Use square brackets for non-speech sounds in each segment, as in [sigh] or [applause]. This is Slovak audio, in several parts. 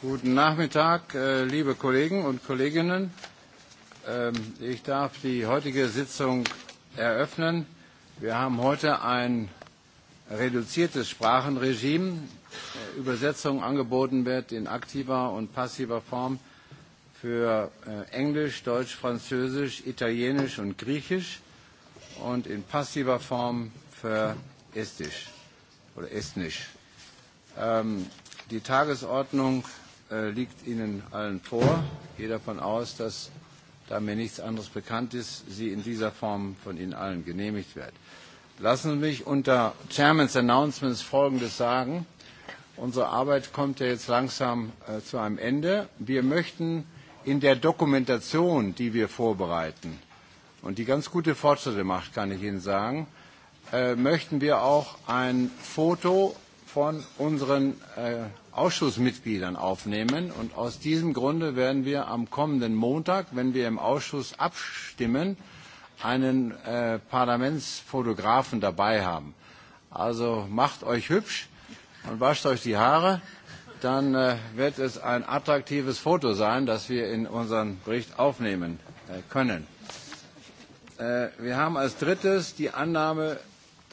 Guten Nachmittag, äh, liebe Kollegen und Kolleginnen. Ähm, ich darf die heutige Sitzung eröffnen. Wir haben heute ein reduziertes Sprachenregime. Äh, Übersetzung angeboten wird in aktiver und passiver Form für äh, Englisch, Deutsch, Französisch, Italienisch und Griechisch und in passiver Form für Estisch oder Estnisch. Ähm, die Tagesordnung äh, liegt Ihnen allen vor. Ich gehe davon aus, dass, da mir nichts anderes bekannt ist, sie in dieser Form von Ihnen allen genehmigt wird. Lassen Sie mich unter Chairman's Announcements Folgendes sagen. Unsere Arbeit kommt ja jetzt langsam äh, zu einem Ende. Wir möchten in der Dokumentation, die wir vorbereiten und die ganz gute Fortschritte macht, kann ich Ihnen sagen, äh, möchten wir auch ein Foto von unseren äh, Ausschussmitgliedern aufnehmen. Und aus diesem Grunde werden wir am kommenden Montag, wenn wir im Ausschuss abstimmen, einen äh, Parlamentsfotografen dabei haben. Also macht euch hübsch und wascht euch die Haare. Dann äh, wird es ein attraktives Foto sein, das wir in unseren Bericht aufnehmen äh, können. Äh, wir haben als drittes die Annahme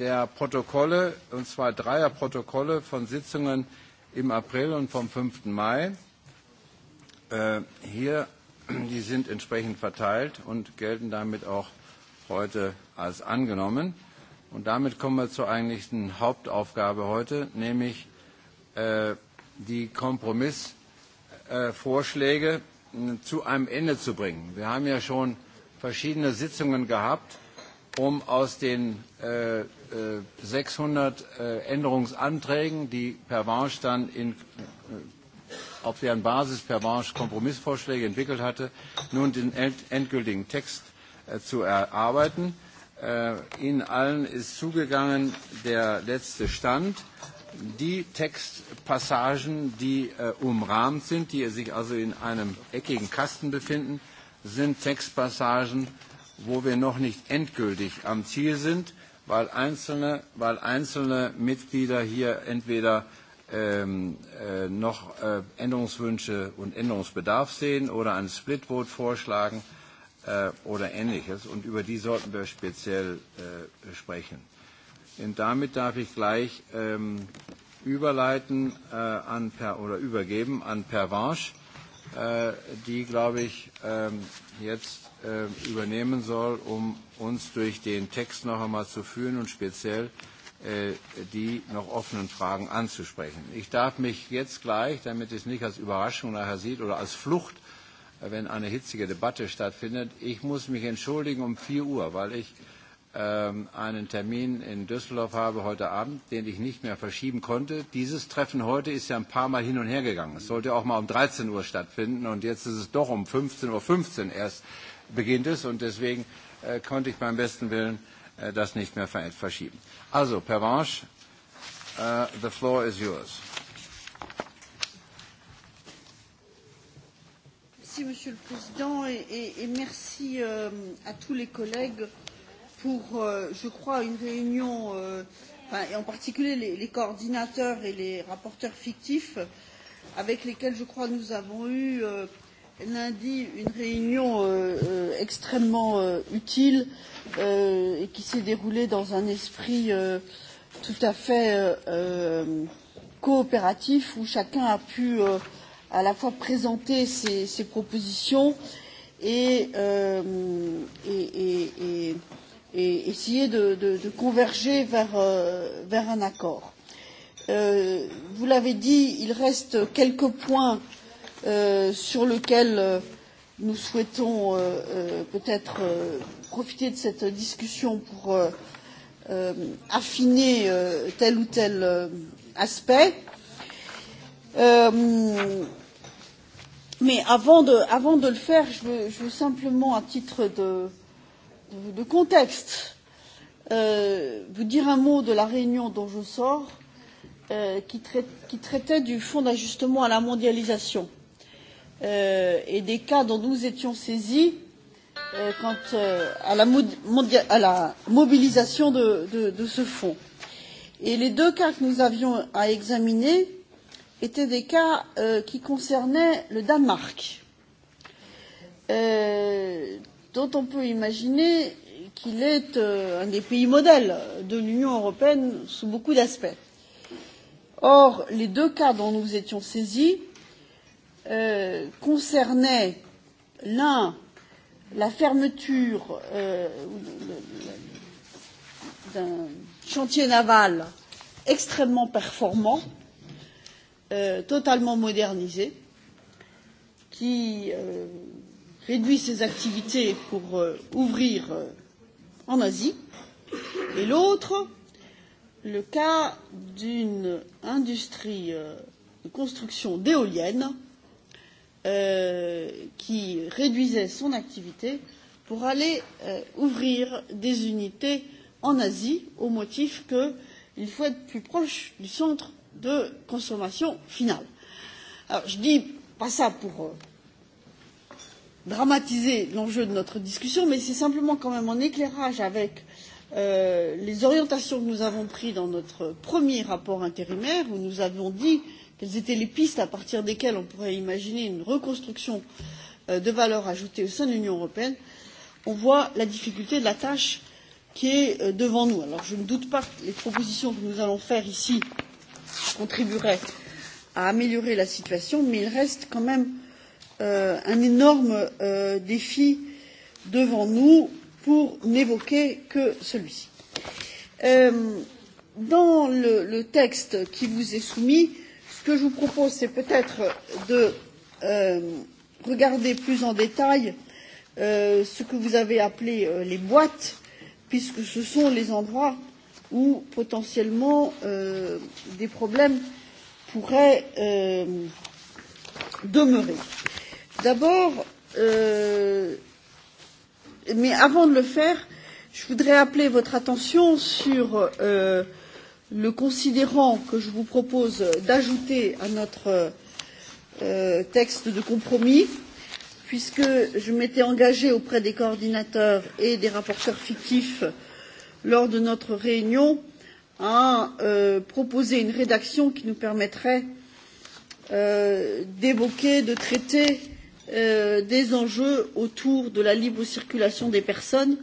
der Protokolle, und zwar dreier Protokolle von Sitzungen im April und vom 5. Mai. Äh, hier, die sind entsprechend verteilt und gelten damit auch heute als angenommen. Und damit kommen wir zur eigentlichen Hauptaufgabe heute, nämlich äh, die Kompromissvorschläge äh, zu einem Ende zu bringen. Wir haben ja schon verschiedene Sitzungen gehabt, um aus den äh, 600 äh, äh, Änderungsanträgen, die per Vange dann in, äh, auf deren Basis per Vange Kompromissvorschläge entwickelt hatte, nun den endgültigen Text äh, zu erarbeiten. Äh, Ihnen allen ist zugegangen der letzte Stand. Die Textpassagen, die äh, umrahmt sind, die sich also in einem eckigen Kasten befinden, sind Textpassagen, wo wir noch nicht endgültig am Ziel sind, weil einzelne, weil einzelne Mitglieder hier entweder ähm, äh, noch äh, Änderungswünsche und Änderungsbedarf sehen oder einen Splitvote vorschlagen äh, oder ähnliches. Und über die sollten wir speziell äh, sprechen. Und damit darf ich gleich ähm, überleiten äh, an per, oder übergeben an Pervanche, äh, die, glaube ich, äh, jetzt Äh, übernehmen soll, um uns durch den Text noch einmal zu führen und speziell äh, die noch offenen Fragen anzusprechen. Ich darf mich jetzt gleich, damit es nicht als Überraschung nachher sieht oder als Flucht, äh, wenn eine hitzige Debatte stattfindet, ich muss mich entschuldigen um 4 Uhr, weil ich ähm, einen Termin in Düsseldorf habe heute Abend, den ich nicht mehr verschieben konnte. Dieses Treffen heute ist ja ein paar Mal hin und her gegangen. Es sollte auch mal um 13 Uhr stattfinden und jetzt ist es doch um 15.15 .15 Uhr erst beginnt es und deswegen äh, konnte ich beim besten Willen äh, das nicht mehr verschieben. Also, Pervanche, uh, äh, the floor is yours. Merci, Monsieur le Président, et, et, et merci euh, à tous les collègues pour, euh, je crois, une réunion, euh, enfin, et en particulier les, les coordinateurs et les rapporteurs fictifs, avec lesquels, je crois, nous avons eu euh, lundi une réunion euh, euh, extrêmement euh, utile euh, et qui s'est déroulée dans un esprit euh, tout à fait euh, coopératif où chacun a pu à la fois présenter ses, ses propositions et, et, et, et essayer de, de, de converger vers, vers un accord. vous l'avez dit il reste quelques points Euh, sur lequel euh, nous souhaitons euh, euh peut-être profiter de cette discussion pour affiner tel ou tel aspect. Mais avant de, avant de le faire, je veux, je veux simplement, à titre de, de, de contexte, vous dire un mot de la réunion dont je sors, qui, traite, qui traitait du fonds d'ajustement à la mondialisation euh, et des cas dont nous étions saisis euh, quant euh, à, la à la mobilisation de, de, de ce fonds. Et les deux cas que nous avions à examiner étaient des cas euh, qui concernaient le Danemark, euh, dont on peut imaginer qu'il est euh, un des pays modèles de l'Union européenne sous beaucoup d'aspects. Or, les deux cas dont nous étions saisis Euh, concernait l'un la fermeture euh, d'un chantier naval extrêmement performant, euh, totalement modernisé, qui euh, réduit ses activités pour euh, ouvrir euh, en Asie, et l'autre, le cas d'une industrie euh, de construction d'éoliennes Euh, qui réduisait son activité pour aller euh, ouvrir des unités en Asie au motif qu'il faut être plus proche du centre de consommation finale. Alors, je ne dis pas ça pour euh, dramatiser l'enjeu de notre discussion, mais c'est simplement quand même en éclairage avec Euh, les orientations que nous avons prises dans notre premier rapport intérimaire où nous avions dit quelles étaient les pistes à partir desquelles on pourrait imaginer une reconstruction euh, de valeur ajoutée au sein de l'union européenne on voit la difficulté de la tâche qui est euh, devant nous. alors je ne doute pas que les propositions que nous allons faire ici contribueraient à améliorer la situation mais il reste quand même un énorme défi devant nous pour n'évoquer que celui ci. Euh, dans le, texte qui vous est soumis ce que je vous propose c'est peut être de euh, regarder plus en détail euh, ce que vous avez appelé les boîtes puisque ce sont les endroits où potentiellement des problèmes pourraient demeurer. d'abord mais avant de le faire, je voudrais appeler votre attention sur euh, le considérant que je vous propose d'ajouter à notre euh, texte de compromis, puisque je m'étais engagée auprès des coordinateurs et des rapporteurs fictifs lors de notre réunion à euh, proposer une rédaction qui nous permettrait euh, d'évoquer, de traiter Euh, des enjeux autour de la libre circulation des personnes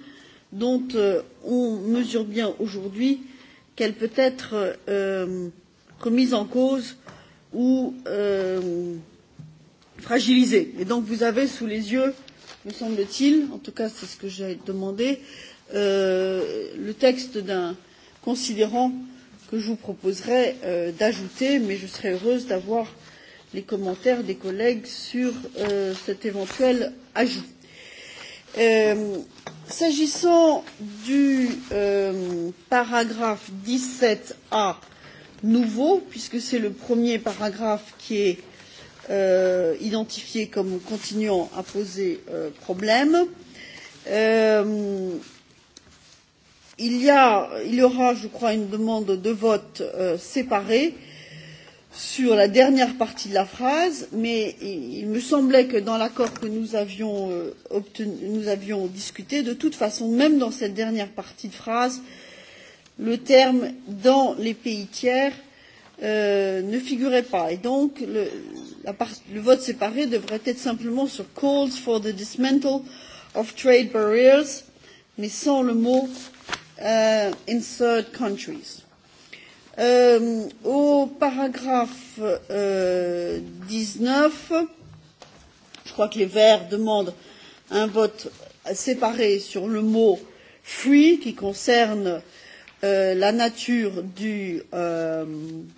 dont euh, on mesure bien aujourd'hui qu'elle peut être euh, remise en cause ou euh, fragilisée. Et donc vous avez sous les yeux, me semble t il, en tout cas c'est ce que j'ai demandé, euh, le texte d'un considérant que je vous proposerai d'ajouter, mais je serais heureuse d'avoir euh, les commentaires des collègues sur euh, cet éventuel ajout. Euh, S'agissant du euh, paragraphe 17A nouveau, puisque c'est le premier paragraphe qui est euh, identifié comme continuant à poser euh, problème, euh, il, y a, il y aura, je crois, une demande de vote euh, séparée euh, sur la dernière partie de la phrase, mais il me semblait que dans l'accord que nous avions, euh, obtenu, nous avions discuté, de toute façon, même dans cette dernière partie de phrase, le terme dans les pays tiers euh, ne figurait pas. Et donc, le, la part, le vote séparé devrait être simplement sur calls for the dismantle of trade barriers, mais sans le mot euh, in third countries. Euh, au paragraphe euh, 19, je crois que les Verts demandent un vote séparé sur le mot free qui concerne euh, la nature du euh,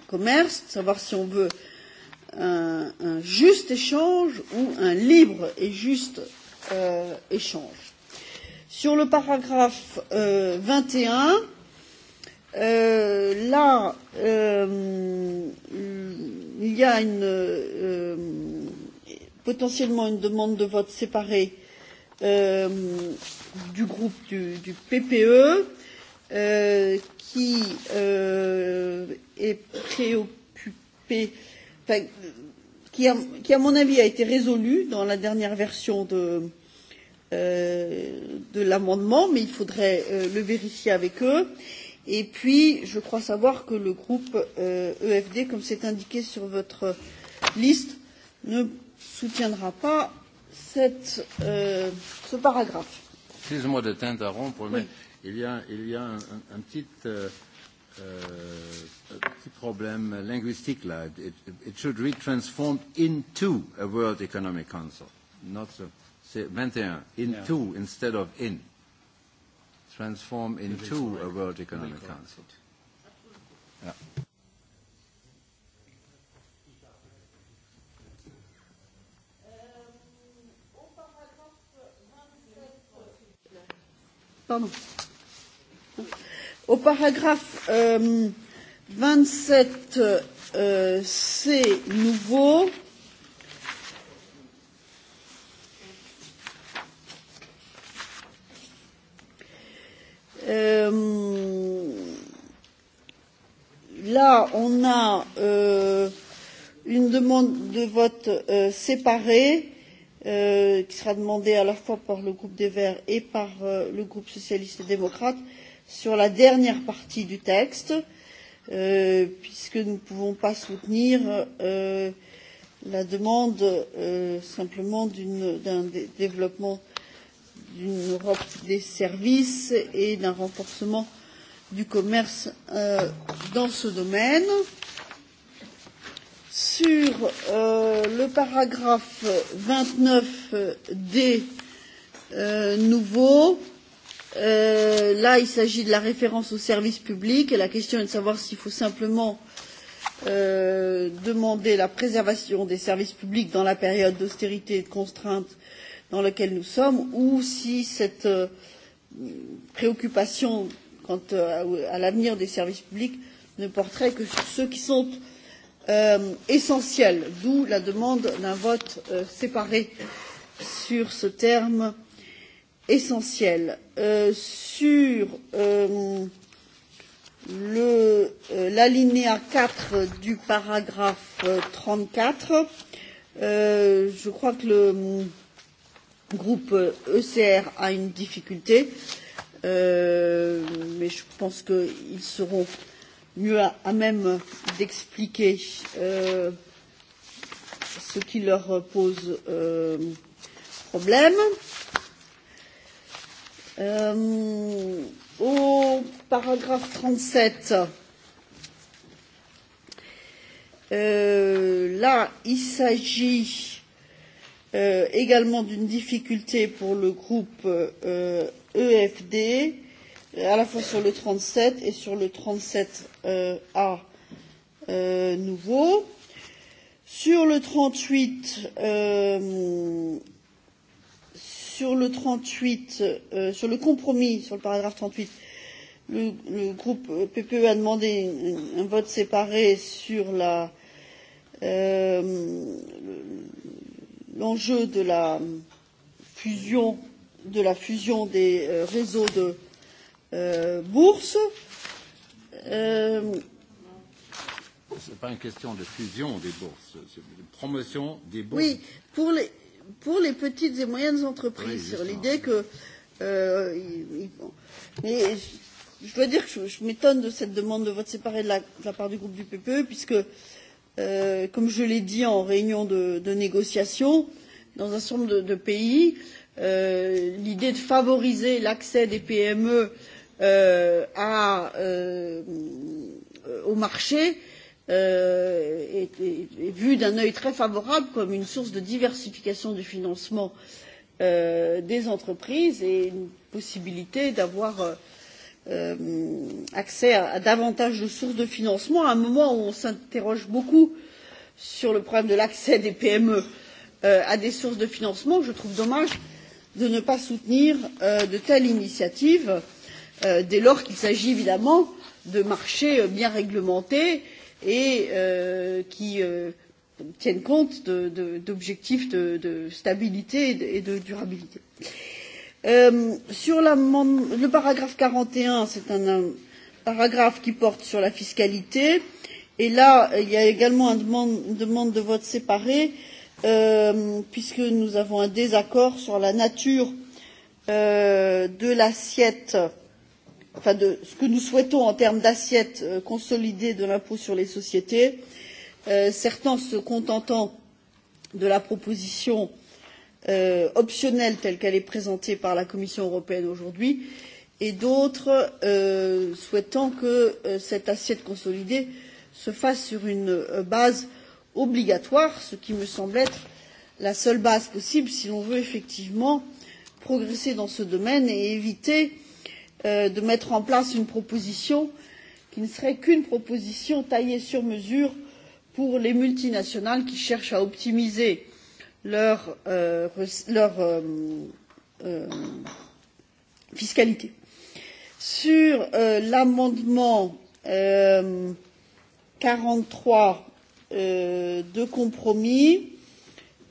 commerce, savoir si on veut un, un juste échange ou un libre et juste euh, échange. Sur le paragraphe euh, 21, Euh, là, euh, il y a une, euh, potentiellement une demande de vote séparée euh, du groupe du, du PPE euh, qui euh, est préoccupé, enfin, qui, a, qui à mon avis a été résolu dans la dernière version de, euh, de l'amendement, mais il faudrait euh, le vérifier avec eux. Euh, Et puis, je crois savoir que le groupe euh, EFD, comme c'est indiqué sur votre liste, ne soutiendra pas cette, euh, ce paragraphe. Excusez moi de t'interrompre, oui. mais il y a, il y a un, un, un petit, euh, euh, petit problème linguistique là. It, it should be transformed into a World Economic Council. Not so, c'est 21. Into yeah. instead of in transform into a World Economic Council. Yeah. Pardon. Au paragraphe euh, 27, euh, c'est nouveau. Euh, là, on a euh, une demande de vote euh, séparée euh, qui sera demandée à la fois par le groupe des Verts et par euh, le groupe socialiste et démocrate sur la dernière partie du texte, euh, puisque nous ne pouvons pas soutenir euh, la demande euh, simplement d'un développement d'une Europe des services et d'un renforcement euh, du commerce euh, dans ce domaine. Sur euh, le paragraphe 29 D euh, nouveau, euh, là il s'agit de la référence au service public et la question est de savoir s'il faut simplement euh, demander la préservation des services publics dans la période d'austérité et de contrainte dans laquelle nous sommes ou si cette euh, préoccupation quant euh, à l'avenir des services publics ne porterait que sur ceux qui sont euh, essentiels d'où la demande d'un vote euh, séparé sur ce terme essentiel. Euh, sur euh, euh, l'alinéa quatre du paragraphe trente quatre je crois que le groupe ecr a une difficulté. Euh, Euh, mais je pense qu'ils seront mieux à, à même d'expliquer euh, ce qui leur pose euh, problème. Euh, au paragraphe 37, euh, là, il s'agit Euh, également d'une difficulté pour le groupe EFD, euh, e à la fois sur le trente sept et sur le trente sept euh, A nouveau. Sur le trente huit sur le 38, euh, sur le compromis, sur le paragraphe 38, le, le groupe PPE a demandé un, un vote séparé sur la, euh, l'enjeu de la fusion, de la fusion des euh, réseaux de euh, bourses. Euh... Ce n'est pas une question de fusion des bourses, c'est de promotion des bourses. Oui, pour les, pour les petites et moyennes entreprises, oui, sur l'idée que. Euh, y, y, bon. Mais je, je dois dire que je, je m'étonne de cette demande de vote séparé de la, de la part du groupe du PPE, puisque euh, Euh, comme je l'ai dit en réunion de, de négociation dans un certain nombre de, de pays euh, l'idée de favoriser l'accès des pme euh, à, euh, au marché est, est, est vue d'un œil très favorable comme une source de diversification du financement des entreprises et une possibilité d'avoir euh, accès à, à davantage de sources de financement à un moment où on s'interroge beaucoup sur le problème de l'accès des PME euh, à des sources de financement. Je trouve dommage de ne pas soutenir euh, de telles initiatives euh, dès lors qu'il s'agit évidemment de marchés euh, bien réglementés et euh, qui euh, tiennent compte d'objectifs de, de, de, de stabilité et de, et de durabilité. Euh, Euh, sur le paragraphe quarante et un, c'est un, un paragraphe qui porte sur la fiscalité. Et là, il y a également une demande, une demande de vote séparé, euh, puisque nous avons un désaccord sur la nature euh, de l'assiette, enfin de ce que nous souhaitons en termes d'assiette euh, consolidée de l'impôt sur les sociétés, euh, certains se contentant de la proposition Euh, optionnelle telle qu'elle est présentée par la Commission européenne aujourd'hui et d'autres euh, souhaitant que euh, cette assiette consolidée se fasse sur une euh, base obligatoire, ce qui me semble être la seule base possible si l'on veut effectivement progresser dans ce domaine et éviter euh, de mettre en place une proposition qui ne serait qu'une proposition taillée sur mesure pour les multinationales qui cherchent à optimiser leur, euh, leur euh, euh, fiscalité. Sur euh, l'amendement euh, 43 euh, de compromis,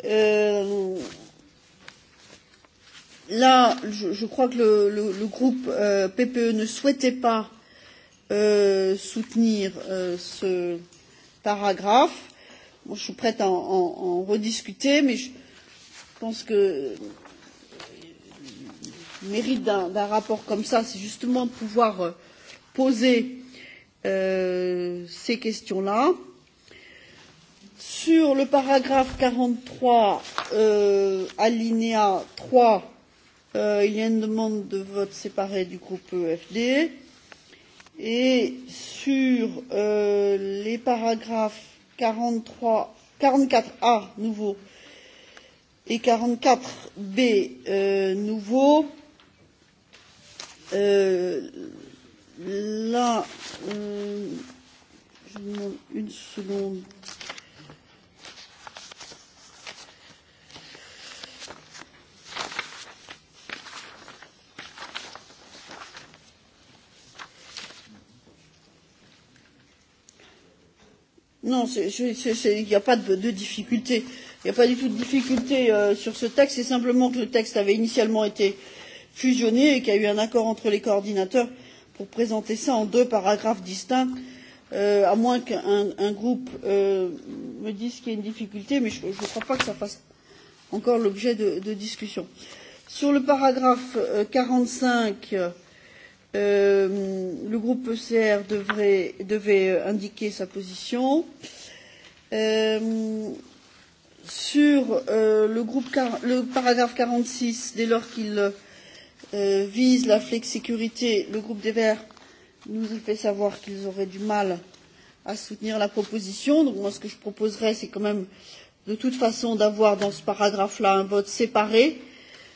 euh, là, je, je crois que le, le, le groupe euh, PPE ne souhaitait pas euh, soutenir euh, ce paragraphe Bon, je suis prête à en, en, en rediscuter, mais je pense que le mérite d'un rapport comme ça, c'est justement de pouvoir euh, poser euh, ces questions-là. Sur le paragraphe 43, euh, alinéa 3, euh, il y a une demande de vote séparé du groupe EFD. Et sur euh, les paragraphes quarante quatre a nouveau et quarante quatre b euh, nouveau euh, là euh, je demande une seconde il n'y a pas de, de difficulté. Il n'y a pas du tout de difficulté euh, sur ce texte. C'est simplement que le texte avait initialement été fusionné et qu'il y a eu un accord entre les coordinateurs pour présenter ça en deux paragraphes distincts, euh, à moins qu'un groupe euh, me dise qu'il y a une difficulté, mais je ne crois pas que ça fasse encore l'objet de, de discussion. Sur le paragraphe euh, quarante cinq, euh, le groupe ECR devrait, devait indiquer sa position. Euh, Euh, sur euh, le, groupe, le paragraphe 46, dès lors qu'il euh, vise la flexicurité, le groupe des Verts nous a fait savoir qu'ils auraient du mal à soutenir la proposition. Donc moi, ce que je proposerais, c'est quand même de toute façon d'avoir dans ce paragraphe-là un vote séparé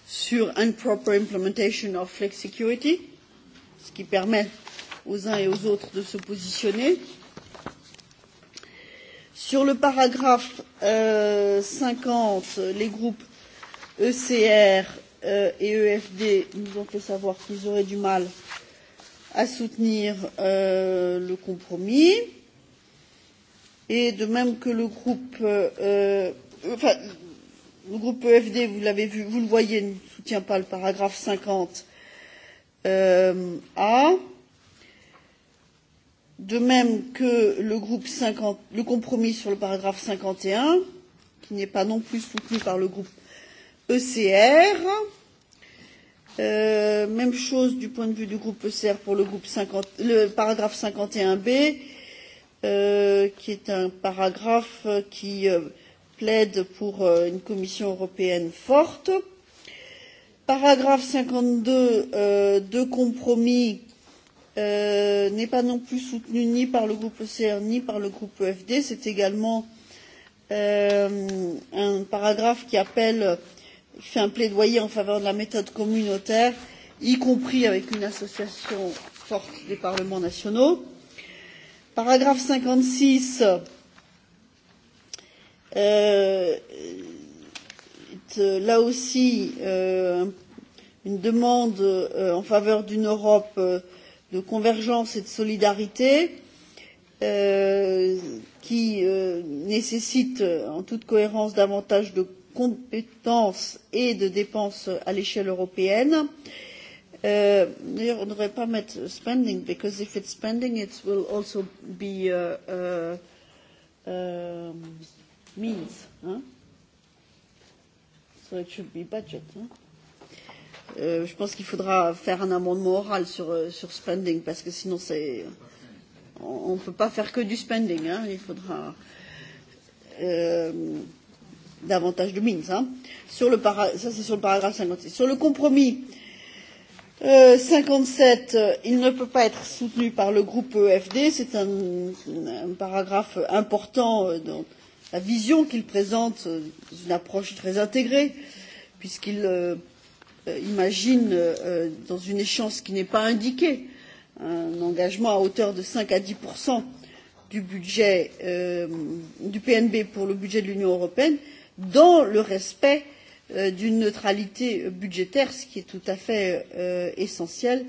sur improper implementation of flexicurity, ce qui permet aux uns et aux autres de se positionner. Euh, Sur le paragraphe euh, 50, les groupes ECR euh, et EFD nous ont fait savoir qu'ils auraient du mal à soutenir euh, le compromis. Et de même que le groupe, euh, euh enfin, le groupe EFD, vous l'avez vu, vous le voyez, ne soutient pas le paragraphe 50 euh, A. Euh, de même que le, groupe 50, le compromis sur le paragraphe cinquante et un qui n'est pas non plus soutenu par le groupe ecr euh, même chose du point de vue du groupe ecr pour le, groupe 50, le paragraphe cinquante et un b euh, qui est un paragraphe qui euh, plaide pour euh, une commission européenne forte paragraphe cinquante euh, deux de compromis euh, n'est pas non plus soutenu ni par le groupe ECR ni par le groupe EFD. C'est également euh, un paragraphe qui appelle, fait un plaidoyer en faveur de la méthode communautaire, y compris avec une association forte des parlements nationaux. Paragraphe 56 euh, euh, là aussi euh, une demande euh, en faveur d'une Europe euh, de convergence et de solidarité euh, qui euh, nécessite euh, en toute cohérence davantage de compétences et de dépenses à l'échelle européenne. Euh, d'ailleurs, on ne devrait pas mettre spending, because if it's spending, it will also be uh, uh, uh, means. Hein? So it should be budget. Hein? Euh, je pense qu'il faudra faire un amendement oral sur, euh, sur spending parce que sinon c'est on ne peut pas faire que du spending. Hein. Il faudra euh, davantage de mines. Hein. Sur le para... Ça, c'est sur le paragraphe 56. Sur le compromis euh, 57, euh, il ne peut pas être soutenu par le groupe EFD. C'est un, un paragraphe important euh, dans la vision qu'il présente, une approche très intégrée, puisqu'il. Euh, Euh, imagine euh, dans une échéance qui n'est pas indiquée un engagement à hauteur de cinq à dix du budget euh, du PNB pour le budget de l'Union européenne dans le respect euh, d'une neutralité budgétaire, ce qui est tout à fait euh, essentiel,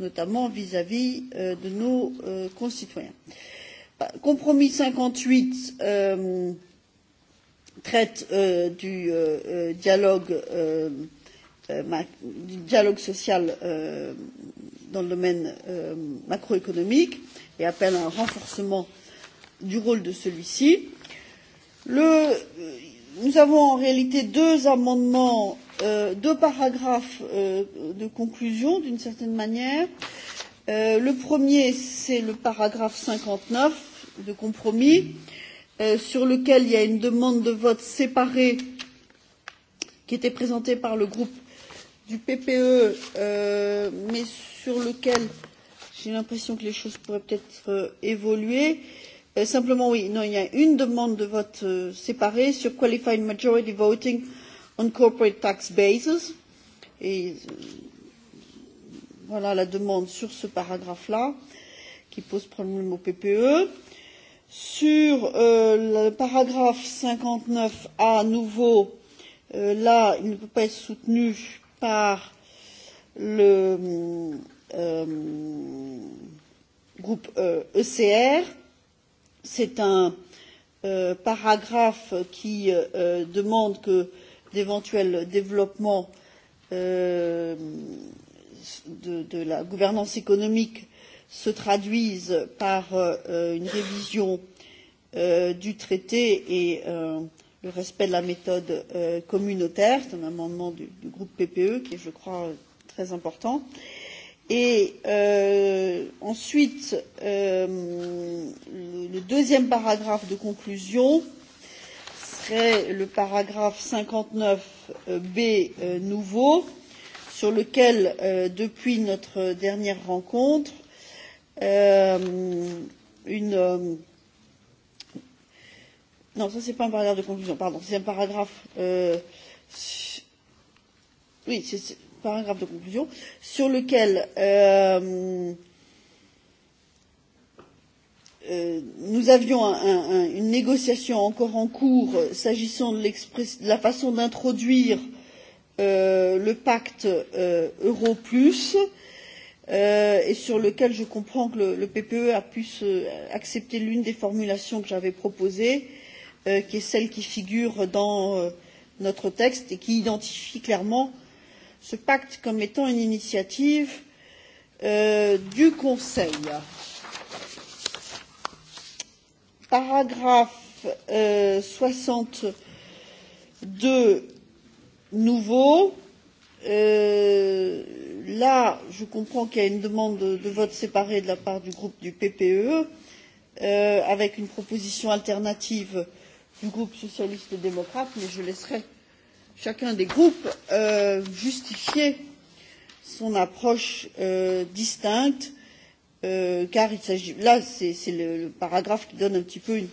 notamment vis-à-vis -vis, euh, de nos concitoyens. Compromis cinquante huit traite du dialogue du euh, dialogue social euh, dans le domaine euh, macroéconomique et appelle à un renforcement du rôle de celui ci. Le, nous avons en réalité deux amendements, euh, deux paragraphes de conclusion d'une certaine manière. le premier, c'est le paragraphe cinquante neuf de compromis, sur lequel il y a une demande de vote séparée qui était présentée par le groupe du PPE, euh, mais sur lequel j'ai l'impression que les choses pourraient peut-être euh, évoluer. Euh, simplement, oui, non, il y a une demande de vote euh, séparée sur Qualified Majority Voting on Corporate Tax Bases. Et euh, voilà la demande sur ce paragraphe-là qui pose problème au PPE. Sur euh, le paragraphe 59A, à nouveau, euh, là, il ne peut pas être soutenu par le euh, groupe euh, ECR. C'est un euh, paragraphe qui euh, demande que d'éventuels développements euh, de, de la gouvernance économique se traduisent par euh, une révision euh, du traité et euh, le respect de la méthode euh, communautaire. C'est un amendement du, du groupe PPE qui est, je crois, très important. Et euh, ensuite, euh, le, le deuxième paragraphe de conclusion serait le paragraphe 59 neuf euh, B euh, nouveau, sur lequel, euh, depuis notre dernière rencontre, euh, une. Euh, Non, ça c'est pas un paragraphe de conclusion, pardon, c'est un paragraphe. Euh, oui, c'est un paragraphe de conclusion sur lequel euh, euh, nous avions un, un, une négociation encore en cours s'agissant de, de la façon d'introduire euh, le pacte euh, euro plus euh, et sur lequel je comprends que le, le PPE a pu se, accepter l'une des formulations que j'avais proposées Euh, qui est celle qui figure dans euh, notre texte et qui identifie clairement ce pacte comme étant une initiative euh, du Conseil. Paragraphe soixante euh, nouveau. Euh, là, je comprends qu'il y a une demande de, de vote séparé de la part du groupe du PPE avec une proposition alternative euh, du groupe socialiste et démocrate, mais je laisserai chacun des groupes euh, justifier son approche euh, distincte, euh, car il s'agit là c'est le, le paragraphe qui donne un petit peu une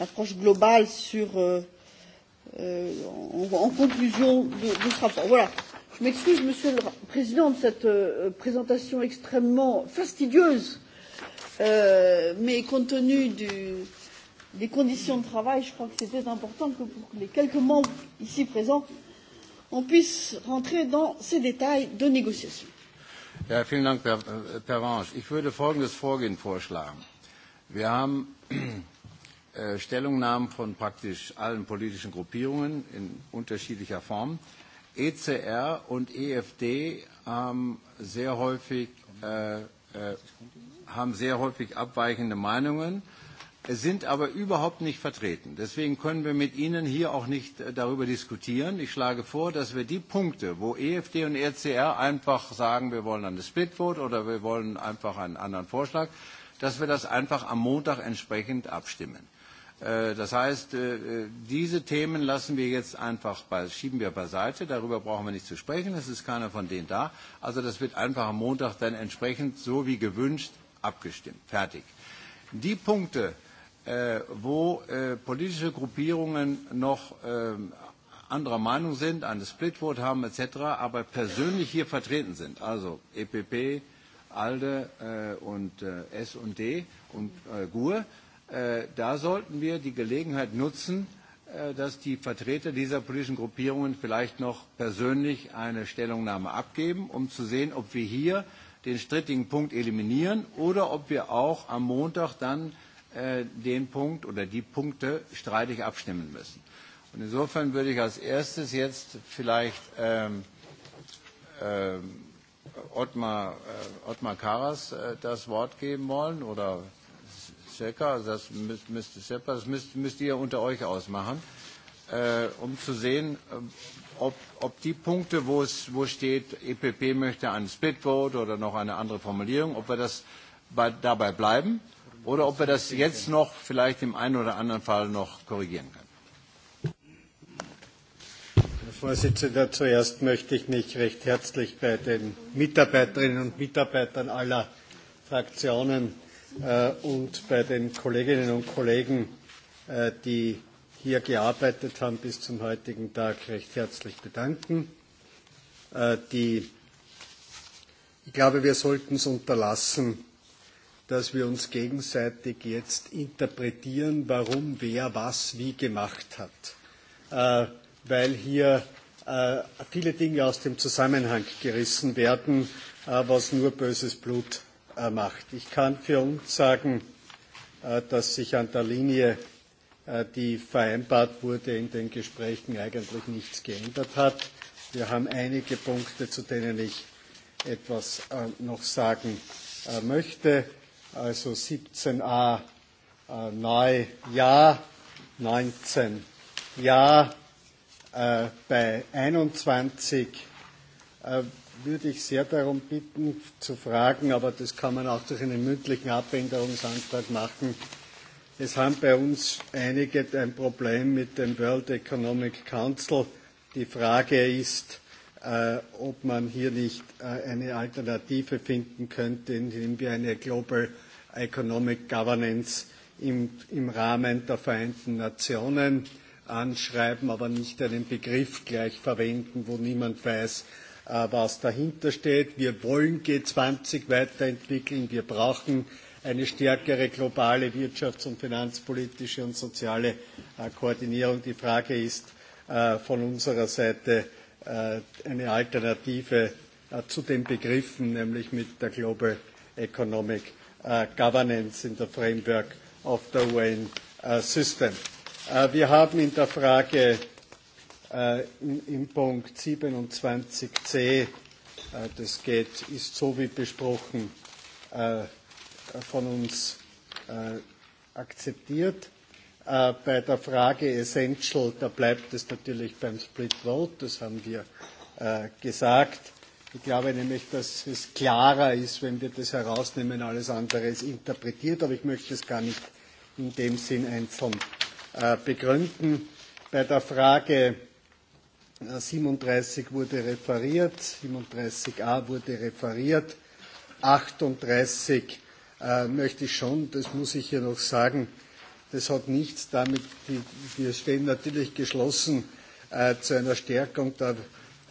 approche globale sur euh, euh, en, en conclusion de, de ce rapport. Voilà. Je m'excuse, Monsieur le Président, de cette euh, présentation extrêmement fastidieuse, euh, mais compte tenu du, euh, des conditions de travail, je crois que c'était important que pour les quelques membres ici présents, on puisse rentrer dans ces détails de négociation. Ja, vielen Dank, Herr äh, Pervanche. Ich würde folgendes Vorgehen vorschlagen. Wir haben äh, Stellungnahmen von praktisch allen politischen Gruppierungen in unterschiedlicher Form. ECR und EFD haben sehr häufig, äh, äh, haben sehr häufig abweichende Meinungen. Äh, sind aber überhaupt nicht vertreten. Deswegen können wir mit Ihnen hier auch nicht äh, darüber diskutieren. Ich schlage vor, dass wir die Punkte, wo EFD und ECR einfach sagen, wir wollen eine Split Vote oder wir wollen einfach einen anderen Vorschlag, dass wir das einfach am Montag entsprechend abstimmen. Äh, das heißt, äh, diese Themen lassen wir jetzt einfach bei, schieben wir beiseite. Darüber brauchen wir nicht zu sprechen. Es ist keiner von denen da. Also das wird einfach am Montag dann entsprechend so wie gewünscht abgestimmt. Fertig. Die Punkte, Äh, wo äh, politische Gruppierungen noch ähm, anderer Meinung sind, eine Splitvote haben etc., aber persönlich hier vertreten sind, also EPP, ALDE äh, und S und D und GUE, da sollten wir die Gelegenheit nutzen, dass die Vertreter dieser politischen Gruppierungen vielleicht noch persönlich eine Stellungnahme abgeben, um zu sehen, ob wir hier den strittigen Punkt eliminieren oder ob wir auch am Montag dann Äh, den Punkt oder die Punkte streitig abstimmen müssen. Und insofern würde ich als erstes jetzt vielleicht ähm, ähm, Ottmar, äh, Ottmar Karas äh, das Wort geben wollen oder Secker, das müsst, müsst, das müsst, müsst ihr unter euch ausmachen, äh, um zu sehen, äh, ob, ob die Punkte, wo es wo steht, EPP möchte einen Split Vote oder noch eine andere Formulierung, ob wir das bei, dabei bleiben oder ob wir das jetzt noch vielleicht im einen oder anderen Fall noch korrigieren können. Herr Vorsitzender, zuerst möchte ich mich recht herzlich bei den Mitarbeiterinnen und Mitarbeitern aller Fraktionen äh, und bei den Kolleginnen und Kollegen, äh, die hier gearbeitet haben, bis zum heutigen Tag recht herzlich bedanken. Äh, die, ich glaube, wir sollten es unterlassen, dass wir uns gegenseitig jetzt interpretieren, warum wer was wie gemacht hat, äh, weil hier äh, viele Dinge aus dem Zusammenhang gerissen werden, äh, was nur böses Blut äh, macht. Ich kann für uns sagen, äh, dass sich an der Linie, äh, die vereinbart wurde, in den Gesprächen eigentlich nichts geändert hat. Wir haben einige Punkte, zu denen ich etwas noch sagen möchte also 17a äh, neu Ja, 19 Ja, äh, bei 21 äh, würde ich sehr darum bitten zu fragen, aber das kann man auch durch einen mündlichen Abänderungsantrag machen. Es haben bei uns einige ein Problem mit dem World Economic Council. Die Frage ist, äh, ob man hier nicht äh, eine Alternative finden könnte, indem wir eine Global Economic Governance im, im Rahmen der Vereinten Nationen anschreiben, aber nicht einen Begriff gleich verwenden, wo niemand weiß, äh, was dahinter steht. Wir wollen G20 weiterentwickeln. Wir brauchen eine stärkere globale wirtschafts- und finanzpolitische und soziale äh, Koordinierung. Die Frage ist äh, von unserer Seite eine Alternative zu den Begriffen, nämlich mit der Global Economic uh, governance in the framework of the UN uh, system. Uh, wir haben in der Frage äh, in, in Punkt 27c, uh, das geht, ist so wie besprochen uh, von uns akzeptiert. bei der Frage Essential, da bleibt es natürlich beim Split Vote, das haben wir gesagt. Ich glaube nämlich, dass es klarer ist, wenn wir das herausnehmen, alles andere ist interpretiert, aber ich möchte es gar nicht in dem Sinn einzeln äh, begründen. Bei der Frage 37 äh, wurde referiert, 37a wurde referiert, 38 äh, möchte ich schon, das muss ich hier noch sagen, das hat nichts damit, die, wir stehen natürlich geschlossen zu einer Stärkung der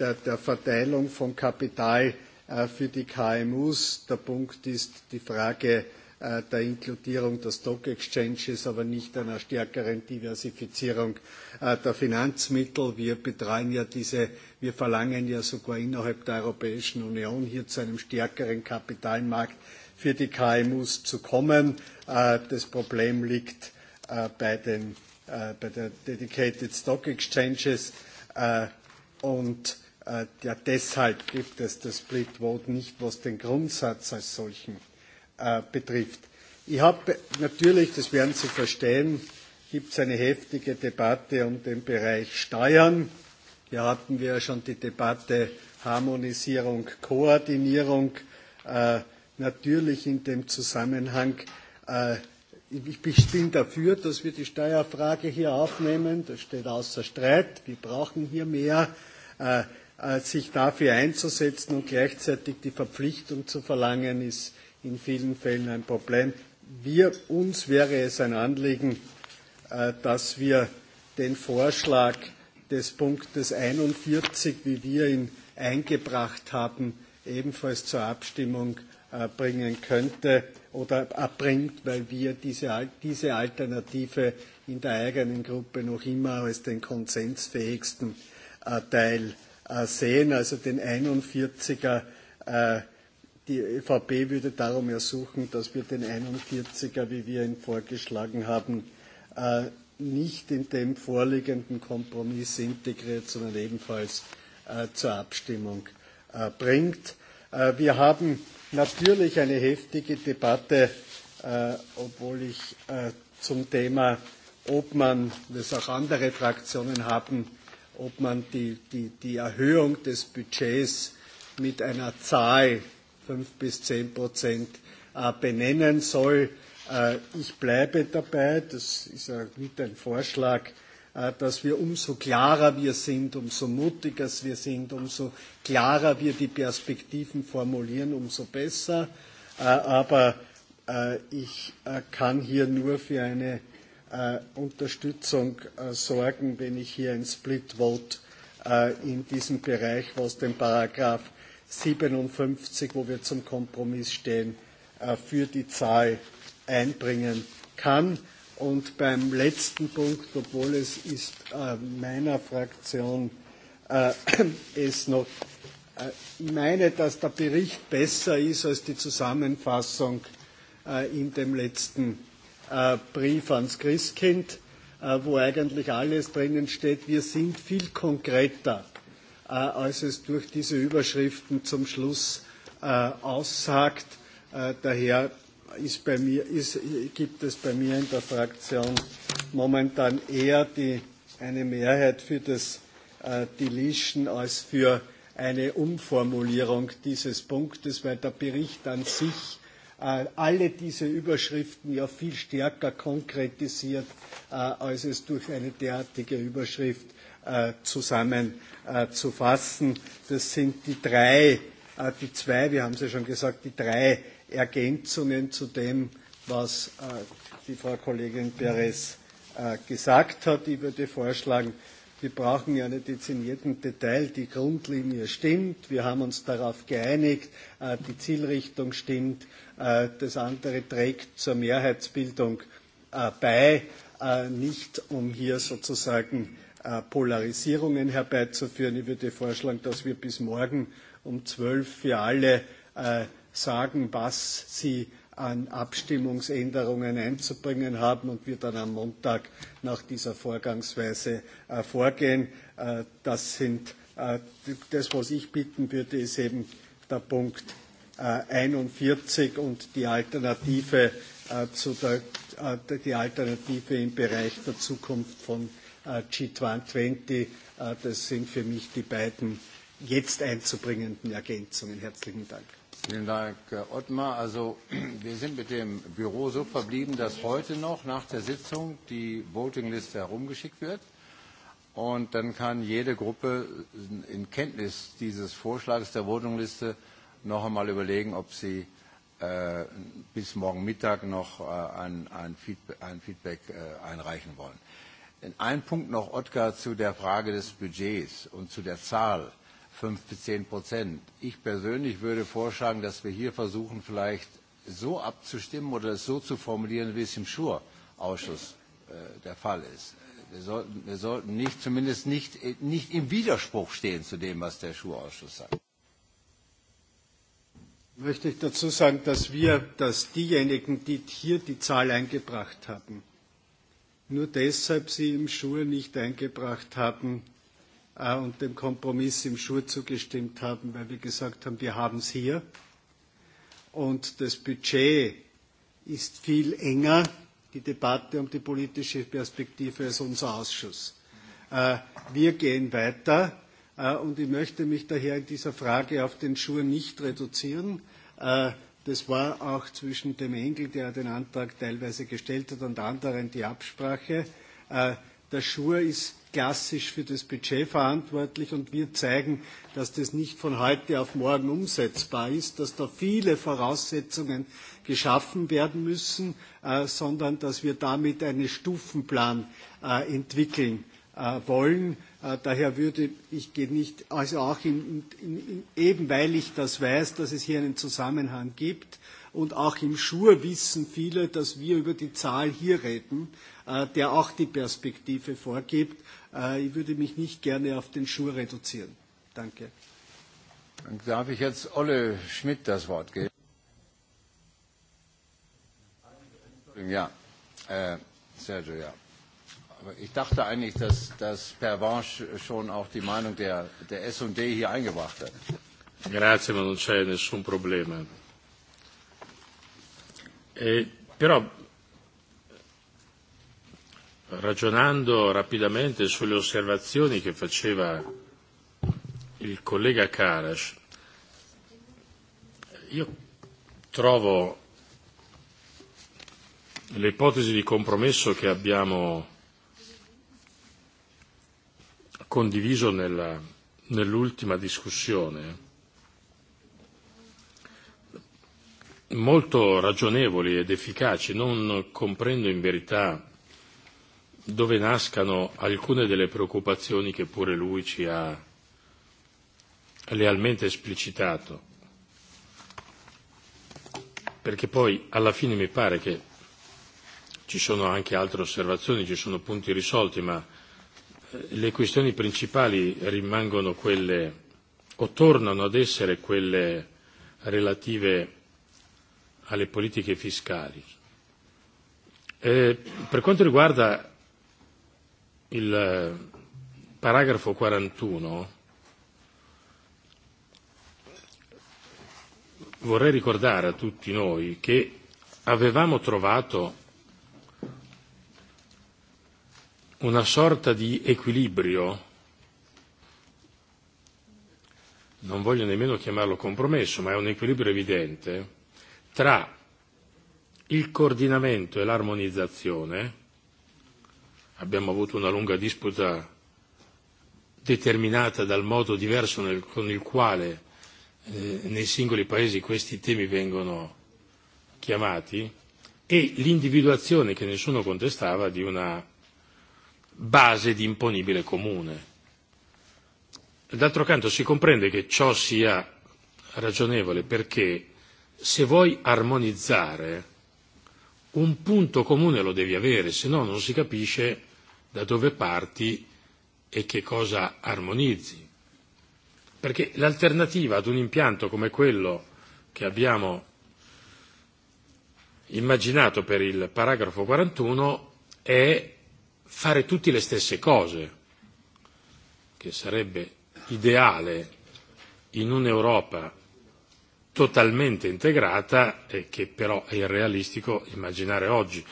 der, der Verteilung von Kapital äh, für die KMU. Der Punkt ist die Frage äh, der Inkludierung der Stock Exchanges, aber nicht einer stärkeren Diversifizierung äh, der Finanzmittel. Wir betreuen ja diese, wir verlangen ja sogar innerhalb der Europäischen Union hier zu einem stärkeren Kapitalmarkt für die KMU zu kommen. Das Problem liegt bei den bei der Dedicated Stock Exchanges und Äh, ja, deshalb gibt es das Split Vote nicht, was den Grundsatz als solchen äh, betrifft. Ich habe natürlich, das werden Sie verstehen, gibt es eine heftige Debatte um den Bereich Steuern. Hier hatten wir ja schon die Debatte Harmonisierung, Koordinierung. Äh, natürlich in dem Zusammenhang, äh, ich bin dafür, dass wir die Steuerfrage hier aufnehmen. Das steht außer Streit. Wir brauchen hier mehr. Äh, Äh, sich dafür einzusetzen und gleichzeitig die Verpflichtung zu verlangen, ist in vielen Fällen ein Problem. Wir, uns wäre es ein Anliegen, äh, dass wir den Vorschlag des Punktes 41, wie wir ihn eingebracht haben, ebenfalls zur Abstimmung äh, bringen könnte oder abbringt, weil wir diese, diese Alternative in der eigenen Gruppe noch immer als den konsensfähigsten Teil Äh, sehen, also den 41er. Äh, die ÖVP würde darum ersuchen, dass wir den 41er, wie wir ihn vorgeschlagen haben, äh, nicht in dem vorliegenden Kompromiss integriert, sondern ebenfalls zur Abstimmung bringt. Wir haben natürlich eine heftige Debatte, obwohl ich zum Thema, ob man, das auch andere Fraktionen haben, ob man die, die, die Erhöhung des Budgets mit einer Zahl fünf bis zehn Prozent äh, benennen soll. Äh, ich bleibe dabei, das ist mit ein Vorschlag, äh, dass wir umso klarer wir sind, umso mutiger wir sind, umso klarer wir die Perspektiven formulieren, umso besser. Aber ich kann hier nur für eine äh, Unterstützung äh, sorgen, wenn ich hier ein Split Vote äh, in diesem Bereich, was den Paragraph 57, wo wir zum Kompromiss stehen, äh, für die Zahl einbringen kann. Und beim letzten Punkt, obwohl es ist äh, meiner Fraktion äh, es noch, äh, ich meine, dass der Bericht besser ist als die Zusammenfassung äh, in dem letzten Äh, Brief ans Christkind, äh, wo eigentlich alles drinnen steht. Wir sind viel konkreter, äh, als es durch diese Überschriften zum Schluss aussagt. Daher ist bei mir, ist, gibt es bei mir in der Fraktion momentan eher die, eine Mehrheit für das äh, Deletion als für eine Umformulierung dieses Punktes, weil der Bericht an sich Äh, alle diese Überschriften ja viel stärker konkretisiert, äh, als es durch eine derartige Überschrift äh, zusammenzufassen. Das sind die drei, die zwei, wir haben es ja schon gesagt, die drei Ergänzungen zu dem, was die Frau Kollegin Perez gesagt hat. Ich würde vorschlagen, Wir brauchen ja einen dezimierten Detail. Die Grundlinie stimmt. Wir haben uns darauf geeinigt. Äh, die Zielrichtung stimmt. Äh, das andere trägt zur Mehrheitsbildung äh, bei. Nicht um hier sozusagen Polarisierungen herbeizuführen. Ich würde vorschlagen, dass wir bis morgen um zwölf für alle sagen, was sie an Abstimmungsänderungen einzubringen haben und wir dann am Montag nach dieser Vorgangsweise äh, vorgehen. Äh, das sind äh, das, was ich bitten würde, ist eben der Punkt äh, 41 und die Alternative äh, zu der äh, die Alternative im Bereich der Zukunft von äh, G20. Äh, das sind für mich die beiden jetzt einzubringenden Ergänzungen. Herzlichen Dank. Vielen Dank, äh, Ottmar. Also [clears throat] wir sind mit dem Büro so verblieben, dass heute noch nach der Sitzung die Votingliste herumgeschickt wird. Und dann kann jede Gruppe in Kenntnis dieses Vorschlags der Votingliste noch einmal überlegen, ob sie äh, bis morgen Mittag noch äh, ein, ein Feedback, ein Feedback äh, einreichen wollen. Ein Punkt noch, Ottgar, zu der Frage des Budgets und zu der Zahl fünf bis zehn Prozent. Ich persönlich würde vorschlagen, dass wir hier versuchen, vielleicht so abzustimmen oder es so zu formulieren, wie es im Schur-Ausschuss äh, der Fall ist. Wir sollten, wir sollten nicht, zumindest nicht, äh, nicht im Widerspruch stehen zu dem, was der Schur-Ausschuss sagt möchte ich dazu sagen, dass wir, dass diejenigen, die hier die Zahl eingebracht haben, nur deshalb sie im Schur nicht eingebracht haben, Äh, und dem Kompromiss im Schur zugestimmt haben, weil wir gesagt haben, wir haben es hier. Und das Budget ist viel enger, die Debatte um die politische Perspektive als unser Ausschuss. Äh, wir gehen weiter. Äh, und ich möchte mich daher in dieser Frage auf den Schur nicht reduzieren. Das war auch zwischen dem Engel, der den Antrag teilweise gestellt hat, und anderen die Absprache. Der Schur ist klassisch für das Budget verantwortlich und wir zeigen, dass das nicht von heute auf morgen umsetzbar ist, dass da viele Voraussetzungen geschaffen werden müssen, äh, sondern dass wir damit einen Stufenplan äh, entwickeln äh, wollen. Äh, daher würde ich nicht, also auch in, in, in, eben weil ich das weiß, dass es hier einen Zusammenhang gibt, Und auch im Schur wissen viele, dass wir über die Zahl hier reden, äh, der auch die Perspektive vorgibt. Äh, ich würde mich nicht gerne auf den Schur reduzieren. Danke. Dann darf ich jetzt Olle Schmidt das Wort geben. Ja, äh, Sergio, ja. Aber ich dachte eigentlich, dass, dass Pervanche schon auch die Meinung der, der S&D hier eingebracht hat. Grazie, ma non c'è nessun problema. E, però ragionando rapidamente sulle osservazioni che faceva il collega Karas, io trovo l'ipotesi di compromesso che abbiamo condiviso nella, nell'ultima discussione molto ragionevoli ed efficaci. Non comprendo in verità dove nascano alcune delle preoccupazioni che pure lui ci ha lealmente esplicitato. Perché poi alla fine mi pare che ci sono anche altre osservazioni, ci sono punti risolti, ma eh, le questioni principali rimangono quelle o tornano ad essere quelle relative alle politiche fiscali. Eh, per quanto riguarda il paragrafo 41, vorrei ricordare a tutti noi che avevamo trovato una sorta di equilibrio, non voglio nemmeno chiamarlo compromesso, ma è un equilibrio evidente, tra il coordinamento e l'armonizzazione, abbiamo avuto una lunga disputa determinata dal modo diverso nel, con il quale eh, nei singoli paesi questi temi vengono chiamati, e l'individuazione che nessuno contestava di una base di imponibile comune. D'altro canto si comprende che ciò sia ragionevole perché se vuoi armonizzare, un punto comune lo devi avere, se no non si capisce da dove parti e che cosa armonizzi. Perché l'alternativa ad un impianto come quello che abbiamo immaginato per il paragrafo 41 è fare tutte le stesse cose, che sarebbe ideale in un'Europa totalmente integrata e che però è irrealistico immaginare oggi.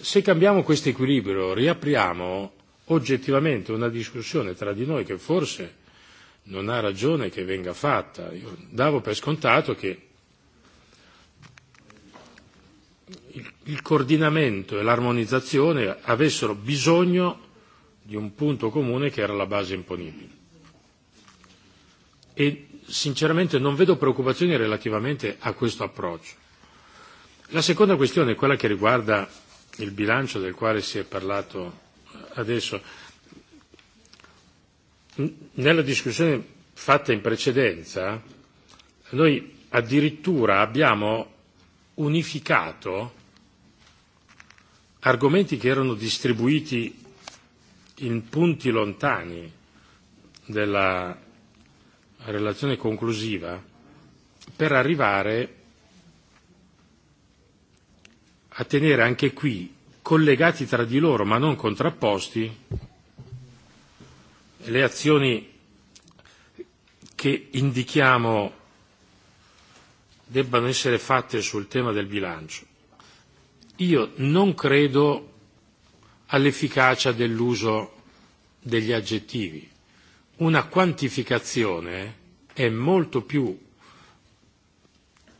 Se cambiamo questo equilibrio, riapriamo oggettivamente una discussione tra di noi che forse non ha ragione che venga fatta. Io davo per scontato che il coordinamento e l'armonizzazione avessero bisogno di un punto comune che era la base imponibile. E sinceramente non vedo preoccupazioni relativamente a questo approccio. La seconda questione è quella che riguarda il bilancio del quale si è parlato eh, adesso. Nella discussione fatta in precedenza noi addirittura abbiamo unificato argomenti che erano distribuiti in punti lontani della relazione conclusiva per arrivare a tenere anche qui collegati tra di loro ma non contrapposti le azioni che indichiamo debbano essere fatte sul tema del bilancio. Io non credo all'efficacia dell'uso degli aggettivi una quantificazione è molto più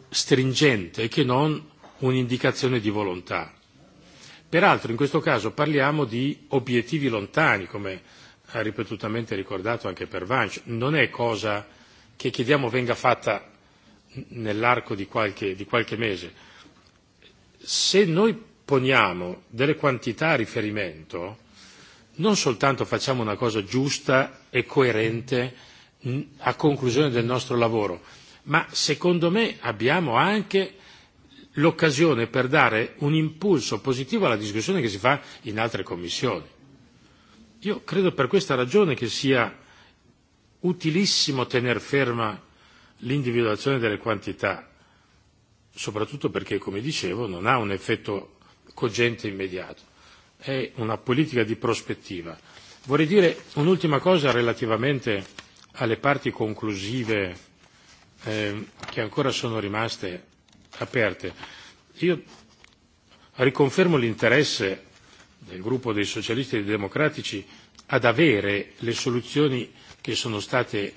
stringente che non un'indicazione di volontà. Peraltro in questo caso parliamo di obiettivi lontani, come ha ripetutamente ricordato anche per Vance, non è cosa che chiediamo venga fatta nell'arco di qualche, di qualche mese. Se noi poniamo delle quantità a riferimento, non soltanto facciamo una cosa giusta e coerente mm, a conclusione del nostro lavoro. Ma secondo me abbiamo anche l'occasione per dare un impulso positivo alla discussione che si fa in altre commissioni. Io credo per questa ragione che sia utilissimo tenere ferma l'individuazione delle quantità, soprattutto perché, come dicevo, non ha un effetto cogente immediato, è una politica di prospettiva Vorrei dire un'ultima cosa relativamente alle parti conclusive eh, che ancora sono rimaste aperte. Io riconfermo l'interesse del gruppo dei socialisti e dei democratici ad avere le soluzioni che sono state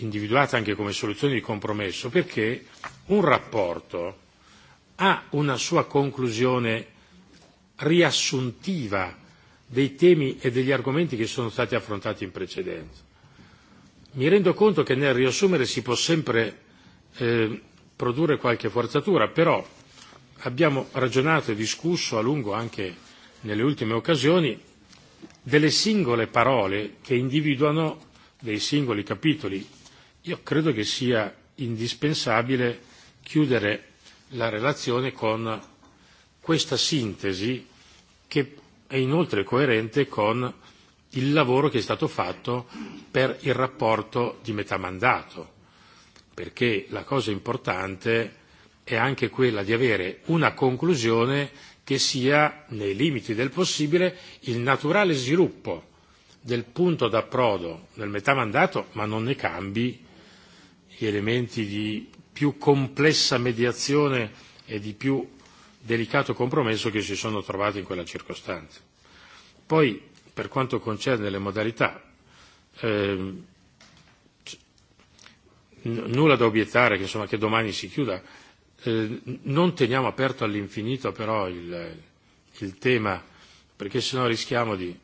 individuate anche come soluzioni di compromesso, perché un rapporto ha una sua conclusione riassuntiva dei temi e degli argomenti che sono stati affrontati in precedenza. Mi rendo conto che nel riassumere si può sempre eh, produrre qualche forzatura, però abbiamo ragionato e discusso a lungo anche nelle ultime occasioni delle singole parole che individuano dei singoli capitoli. Io credo che sia indispensabile chiudere la relazione con questa sintesi che è inoltre coerente con il lavoro che è stato fatto per il rapporto di metà mandato, perché la cosa importante è anche quella di avere una conclusione che sia, nei limiti del possibile, il naturale sviluppo del punto d'approdo nel metà mandato, ma non ne cambi gli elementi di più complessa mediazione e di più delicato compromesso che si sono trovati in quella circostanza. Poi, per quanto concerne le modalità, eh, nulla da obiettare che, insomma, che domani si chiuda. Eh, non teniamo aperto all'infinito però il, il tema, perché sennò rischiamo di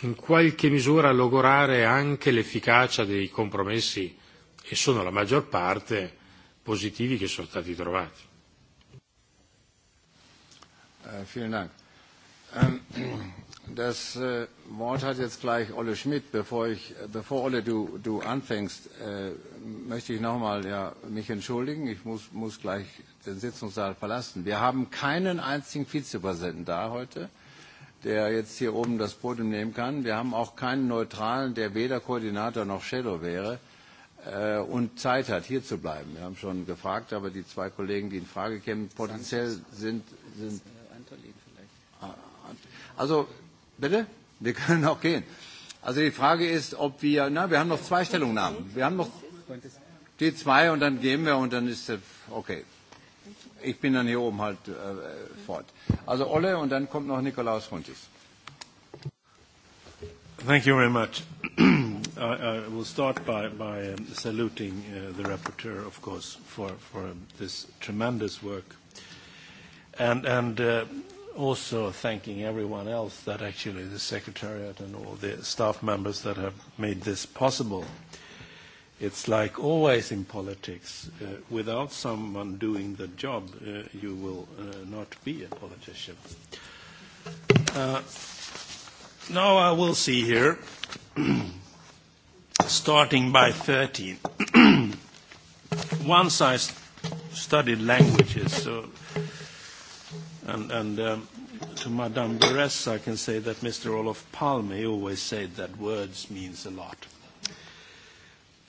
in qualche misura logorare anche l'efficacia dei compromessi, e sono la maggior parte, positivi che sono stati trovati. Äh, vielen Dank. Ähm, [clears throat] das äh, Wort hat jetzt gleich Olle Schmidt. Bevor, ich, äh, bevor Olle, du, du anfängst, möchte ich nochmal ja, mich entschuldigen. Ich muss, muss gleich den Sitzungssaal verlassen. Wir haben keinen einzigen Vizepräsidenten da heute der jetzt hier oben das Podium nehmen kann. Wir haben auch keinen Neutralen, der weder Koordinator noch Shadow wäre und Zeit hat, hier zu bleiben. Wir haben schon gefragt, aber die zwei Kollegen, die in Frage kämen, potenziell sind, sind Also, bitte? Wir können auch gehen. Also die Frage ist, ob wir, na, wir haben noch zwei Stellungnahmen. Wir haben noch die zwei und dann gehen wir und dann ist, es äh, okay. Ich bin dann hier oben halt äh, fort. Also Olle und dann kommt noch Nikolaus Frontis. Thank you very much. [clears throat] I, I will start by, by um, saluting uh, the rapporteur, of course, for, for um, this tremendous work. And, and uh, also thanking everyone else that actually the Secretariat and all the staff members that have made this possible. It's like always in politics, uh, without someone doing the job, uh, you will uh, not be a politician. Uh, now I will see here, [clears throat] starting by 13. [clears throat] Once I st- studied languages, so And, and um, to Madame Beres, I can say that Mr. Olof Palme always said that words means a lot.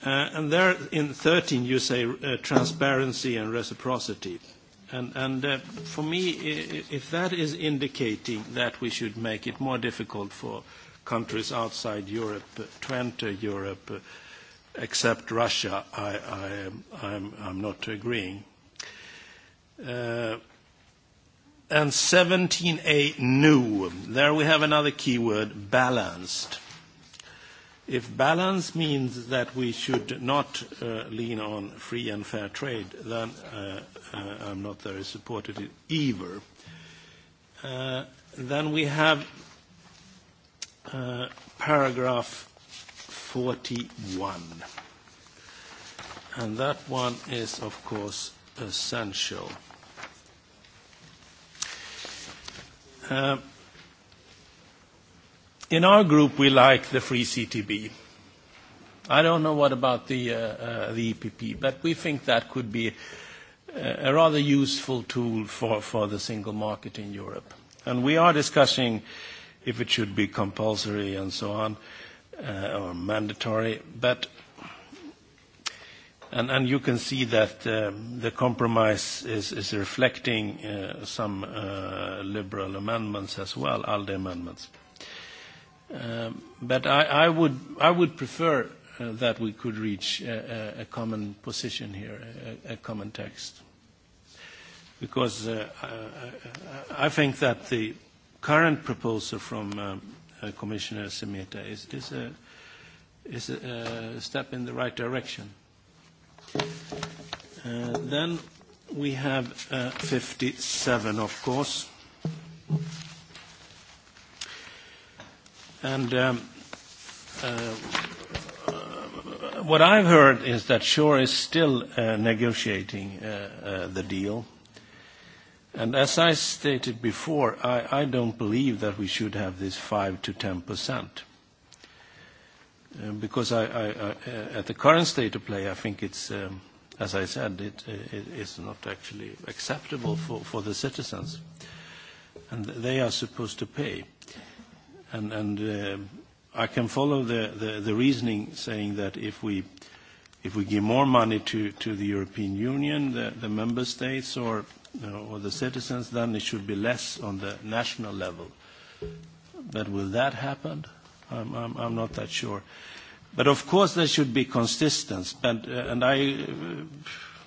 Uh, and there in 13 you say uh, transparency and reciprocity. And, and uh, for me, if that is indicating that we should make it more difficult for countries outside Europe uh, to enter Europe, uh, except Russia, I, I, I'm, I'm not agreeing. Uh, and 17A new. There we have another keyword, balanced. If balance means that we should not uh, lean on free and fair trade, then uh, uh, I'm not very supportive either. Uh, then we have uh, paragraph 41. And that one is, of course, essential. Uh, in our group, we like the free CTB. I don't know what about the, uh, uh, the EPP, but we think that could be uh, a rather useful tool for, for the single market in Europe. And we are discussing if it should be compulsory and so on, uh, or mandatory. But And, and you can see that uh, the compromise is, is reflecting uh, some uh, liberal amendments as well, ALDE amendments. Um, but I, I, would, I would prefer uh, that we could reach a, a common position here, a, a common text. Because uh, I, I think that the current proposal from um, uh, Commissioner Semeta is, is, a, is a, a step in the right direction. Uh, then we have 57, uh, of course. And um, uh, what I've heard is that Shore is still negotiating the deal. And as I stated before, I, I don't believe that we should have this 5 to 10 percent. Uh, because I, I, I, uh, at the current state of play, I think it's, um, as I said, it, it it's not actually acceptable mm-hmm. for, for the citizens. And they are supposed to pay. And, and uh, I can follow the, the, the reasoning saying that if we, if we give more money to, to the European Union, the, the member states or, you uh, know, or the citizens, then it should be less on the national level. But will that happen? I'm, I'm, I'm not that sure. But of course there should be consistency, and, uh, and I, uh,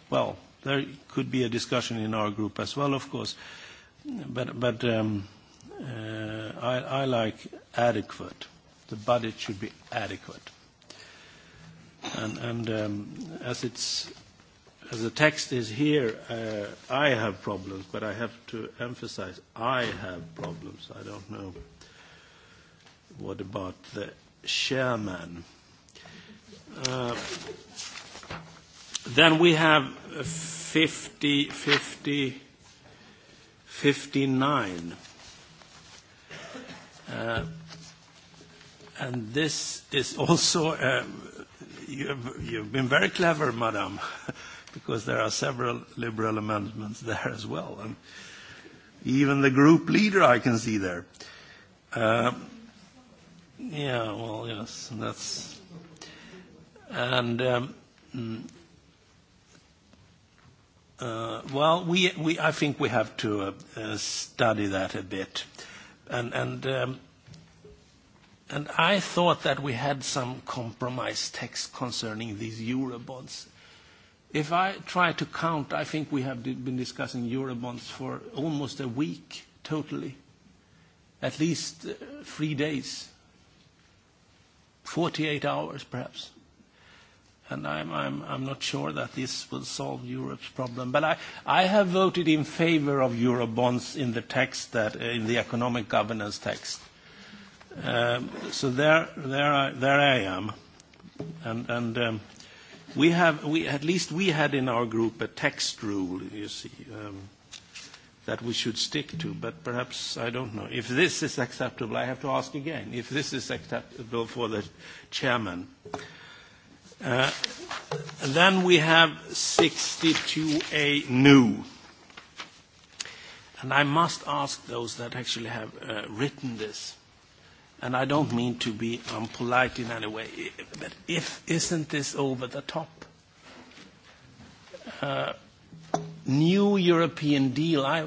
well, there could be a discussion in our group as well, of course. But, but um, uh, I, I like adequate. The budget should be adequate. And, and um, as it's as the text is here, uh, I have problems, but I have to emphasize I have problems. I don't know. What about the chairman? Uh, then we have 50, 50, 59. Uh, and this is also, uh, you have, you've been very clever, madam, [laughs] because there are several liberal amendments there as well. And even the group leader I can see there. Um, Yeah, well, yes, that's... And, um, mm, uh, well, we, we, I think we have to uh, uh, study that a bit. And, and, um, and I thought that we had some compromise text concerning these Eurobonds. If I try to count, I think we have been discussing Eurobonds for almost a week, totally, at least uh, three days 48 hours, perhaps. And I'm, I'm, I'm not sure that this will solve Europe's problem. But I, I have voted in favor of Eurobonds in the text that, uh, in the economic governance text. Um, so there, there, I, there I am. And, and um, we have, we, at least we had in our group a text rule, you see. Um, that we should stick to, but perhaps, I don't know. If this is acceptable, I have to ask again, if this is acceptable for the chairman. Uh, then we have 62A new. And I must ask those that actually have uh, written this, and I don't mean to be unpolite in any way, but if isn't this over the top? Uh, new European deal, I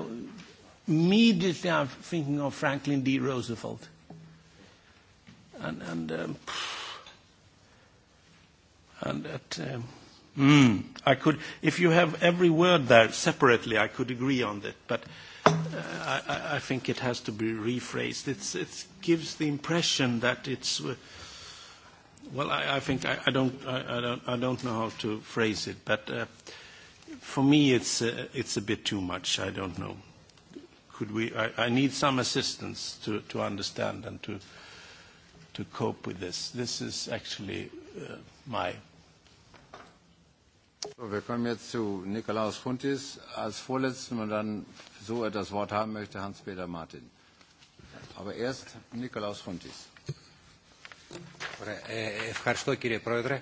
immediately I'm thinking of Franklin D. Roosevelt. And, and, um, and that, um, mm, I could, if you have every word there separately, I could agree on that, but uh, I, I think it has to be rephrased. It's, gives the impression that it's, uh, well, I, I think I, I, don't, I, I, don't, I don't know how to phrase it, but uh, for me, it's, uh, it's a bit too much. I don't know. Could we, I, I need some assistance to, to understand and to, to cope with this. This is actually uh, my. So, wir kommen jetzt zu Nikolaus Funtis als Vorletzten und dann, so er das Wort haben möchte, Hans-Peter Martin. Aber erst Nikolaus Funtis. Ευχαριστώ κύριε Πρόεδρε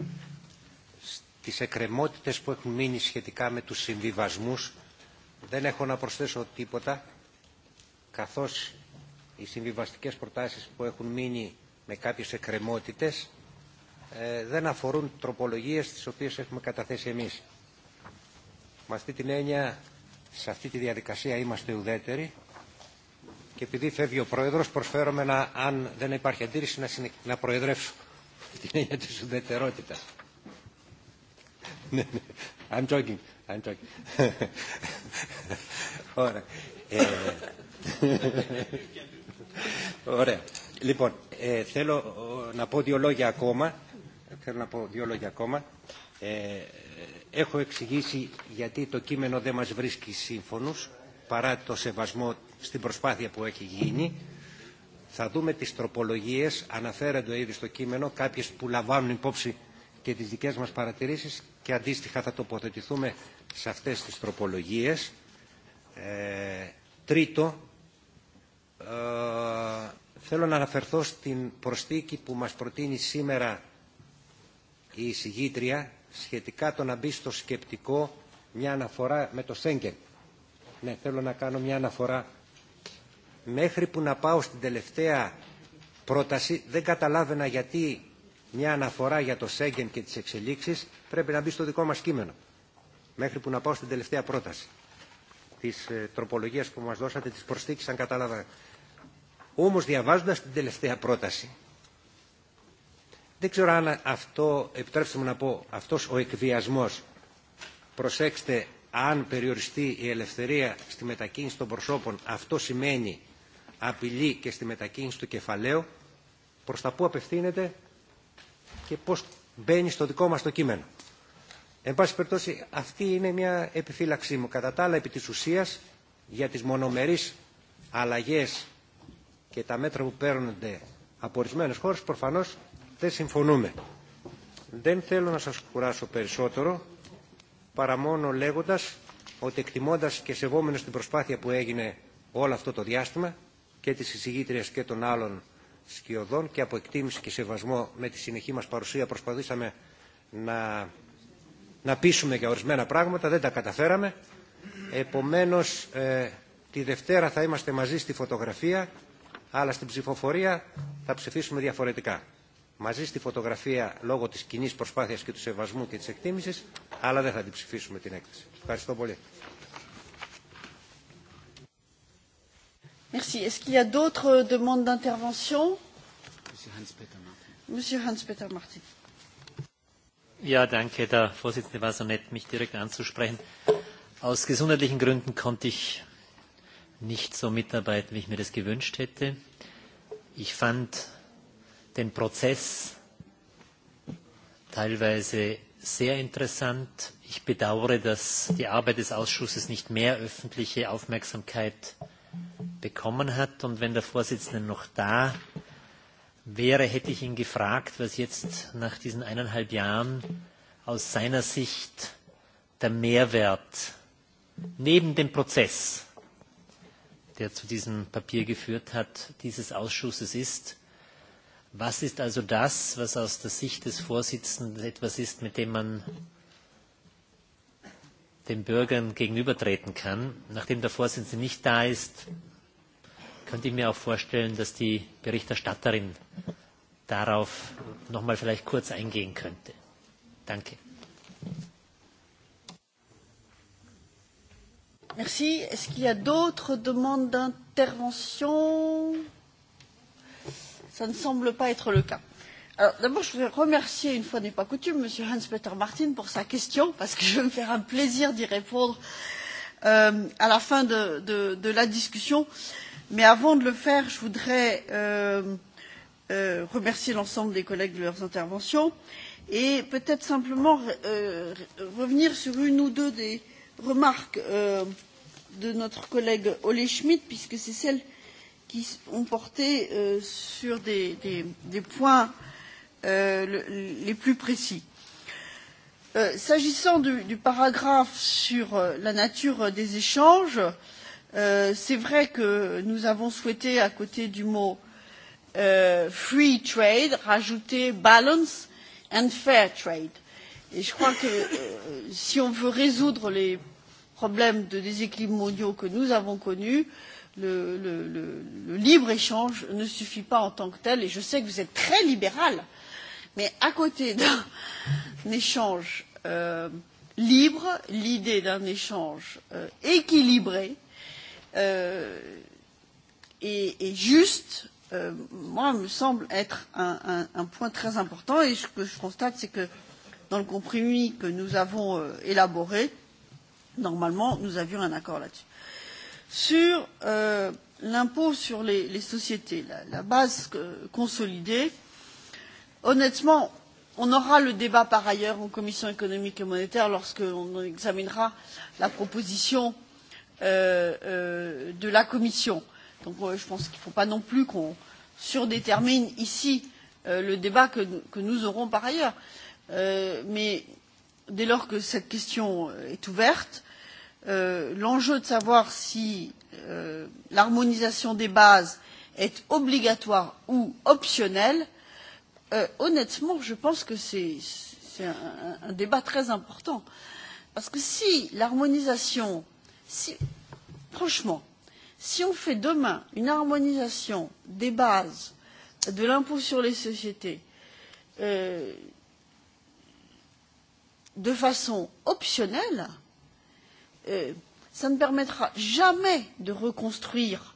τις εκκρεμότητες που έχουν μείνει σχετικά με τους συμβιβασμούς. Δεν έχω να προσθέσω τίποτα, καθώς οι συμβιβαστικές προτάσεις που έχουν μείνει με κάποιες εκκρεμότητες ε, δεν αφορούν τροπολογίες τις οποίες έχουμε καταθέσει εμείς. Με αυτή την έννοια, σε αυτή τη διαδικασία είμαστε ουδέτεροι και επειδή φεύγει ο Πρόεδρος προσφέρομαι να, αν δεν υπάρχει αντίρρηση να, συνε... να προεδρεύσω την έννοια της ουδετερότητας. I'm joking, I'm joking. Ωραία. Ε, ωραία. Λοιπόν, ε, θέλω να πω δύο λόγια ακόμα. Θέλω να πω δύο λόγια ακόμα. Ε, έχω εξηγήσει γιατί το κείμενο δεν μας βρίσκει σύμφωνους παρά το σεβασμό στην προσπάθεια που έχει γίνει. Θα δούμε τις τροπολογίες, αναφέρονται ήδη στο κείμενο, κάποιες που λαμβάνουν υπόψη και τις δικές μας παρατηρήσεις και αντίστοιχα θα τοποθετηθούμε σε αυτές τις τροπολογίες. Ε, τρίτο, ε, θέλω να αναφερθώ στην προσθήκη που μας προτείνει σήμερα η εισηγήτρια σχετικά το να μπει στο σκεπτικό μια αναφορά με το Σέγγεν. Ναι, θέλω να κάνω μια αναφορά. Μέχρι που να πάω στην τελευταία πρόταση δεν καταλάβαινα γιατί μια αναφορά για το Σέγγεν και τις εξελίξεις πρέπει να μπει στο δικό μας κείμενο μέχρι που να πάω στην τελευταία πρόταση της τροπολογίας που μας δώσατε της προσθήκης αν κατάλαβα όμως διαβάζοντας την τελευταία πρόταση δεν ξέρω αν αυτό επιτρέψτε μου να πω αυτός ο εκβιασμός προσέξτε αν περιοριστεί η ελευθερία στη μετακίνηση των προσώπων αυτό σημαίνει απειλή και στη μετακίνηση του κεφαλαίου προς τα που απευθύνεται και πώς μπαίνει στο δικό μας το κείμενο. Εν πάση περιπτώσει, αυτή είναι μια επιφύλαξή μου. Κατά τα άλλα, επί της ουσίας, για τις μονομερείς αλλαγές και τα μέτρα που παίρνονται από ορισμένε χώρες, προφανώς δεν συμφωνούμε. Δεν θέλω να σας κουράσω περισσότερο, παρά μόνο λέγοντας ότι εκτιμώντας και σεβόμενος την προσπάθεια που έγινε όλο αυτό το διάστημα και της εισηγήτριας και των άλλων σκιωδών και από εκτίμηση και σεβασμό με τη συνεχή μας παρουσία προσπαθήσαμε να, να πείσουμε για ορισμένα πράγματα, δεν τα καταφέραμε. Επομένως, ε, τη Δευτέρα θα είμαστε μαζί στη φωτογραφία, αλλά στην ψηφοφορία θα ψηφίσουμε διαφορετικά. Μαζί στη φωτογραφία λόγω της κοινή προσπάθειας και του σεβασμού και της εκτίμησης, αλλά δεν θα την ψηφίσουμε την έκθεση. Ευχαριστώ πολύ. Merci. Est-ce qu'il y a d'autres euh, demandes d'intervention Monsieur Hans-Peter Martin. Ja, danke, Herr Vorsitzende. War so nett, mich direkt anzusprechen. Aus gesundheitlichen Gründen konnte ich nicht so mitarbeiten, wie ich mir das gewünscht hätte. Ich fand den Prozess teilweise sehr interessant. Ich bedauere, dass die Arbeit des Ausschusses nicht mehr öffentliche Aufmerksamkeit bekommen hat. Und wenn der Vorsitzende noch da wäre, hätte ich ihn gefragt, was jetzt nach diesen eineinhalb Jahren aus seiner Sicht der Mehrwert neben dem Prozess, der zu diesem Papier geführt hat, dieses Ausschusses ist. Was ist also das, was aus der Sicht des Vorsitzenden etwas ist, mit dem man den Bürgern gegenübertreten kann. Nachdem der Vorsitzende nicht da ist, könnte ich mir auch vorstellen, dass die Berichterstatterin darauf noch mal vielleicht kurz eingehen könnte. Danke. Merci. Est-ce qu'il y a d'autres demandes d'intervention Ça ne semble pas être le cas d'abord je voudrais remercier une fois n'est pas coutume m. hans peter martin pour sa question parce que je vais me faire un plaisir d'y répondre euh, à la fin de, de, de la discussion mais avant de le faire je voudrais euh, euh, remercier l'ensemble des collègues de leurs interventions et peut être simplement euh, revenir sur une ou deux des remarques euh, de notre collègue olle schmidt puisque c'est celles qui ont porté euh, sur des, des, des points euh, Euh, les plus précis. Euh, s'agissant du, paragraphe sur euh, la nature des échanges, c'est vrai que nous avons souhaité, à côté du mot free trade, rajouter balance and fair trade. Et je crois que si on veut résoudre les problèmes de déséquilibre mondiaux que nous avons connus, le, le, le, le libre échange ne suffit pas en tant que tel et je sais que vous êtes très libéral euh, Mais à côté d'un [laughs] échange euh, libre, l'idée d'un échange euh, équilibré euh, et, et juste, euh, moi, me semble être un, un, un point très important. Et ce que je constate, c'est que dans le compromis que nous avons euh, élaboré, normalement, nous avions un accord là-dessus. Sur euh, l'impôt sur les, les sociétés, la, la base euh, consolidée, euh, honnêtement on aura le débat par ailleurs en commission économique et monétaire lorsque l'on examinera la proposition euh, euh, de la commission. donc je pense qu'il ne faut pas non plus qu'on surdétermine ici euh, le débat que, que nous aurons par ailleurs. mais dès lors que cette question est ouverte l'enjeu de savoir si l'harmonisation des bases est obligatoire ou optionnelle Euh, honnêtement, je pense que c'est un, débat très important. Parce que si l'harmonisation, franchement, si on fait demain une harmonisation des bases de l'impôt sur les sociétés euh, de façon optionnelle, cela euh, ne permettra jamais de reconstruire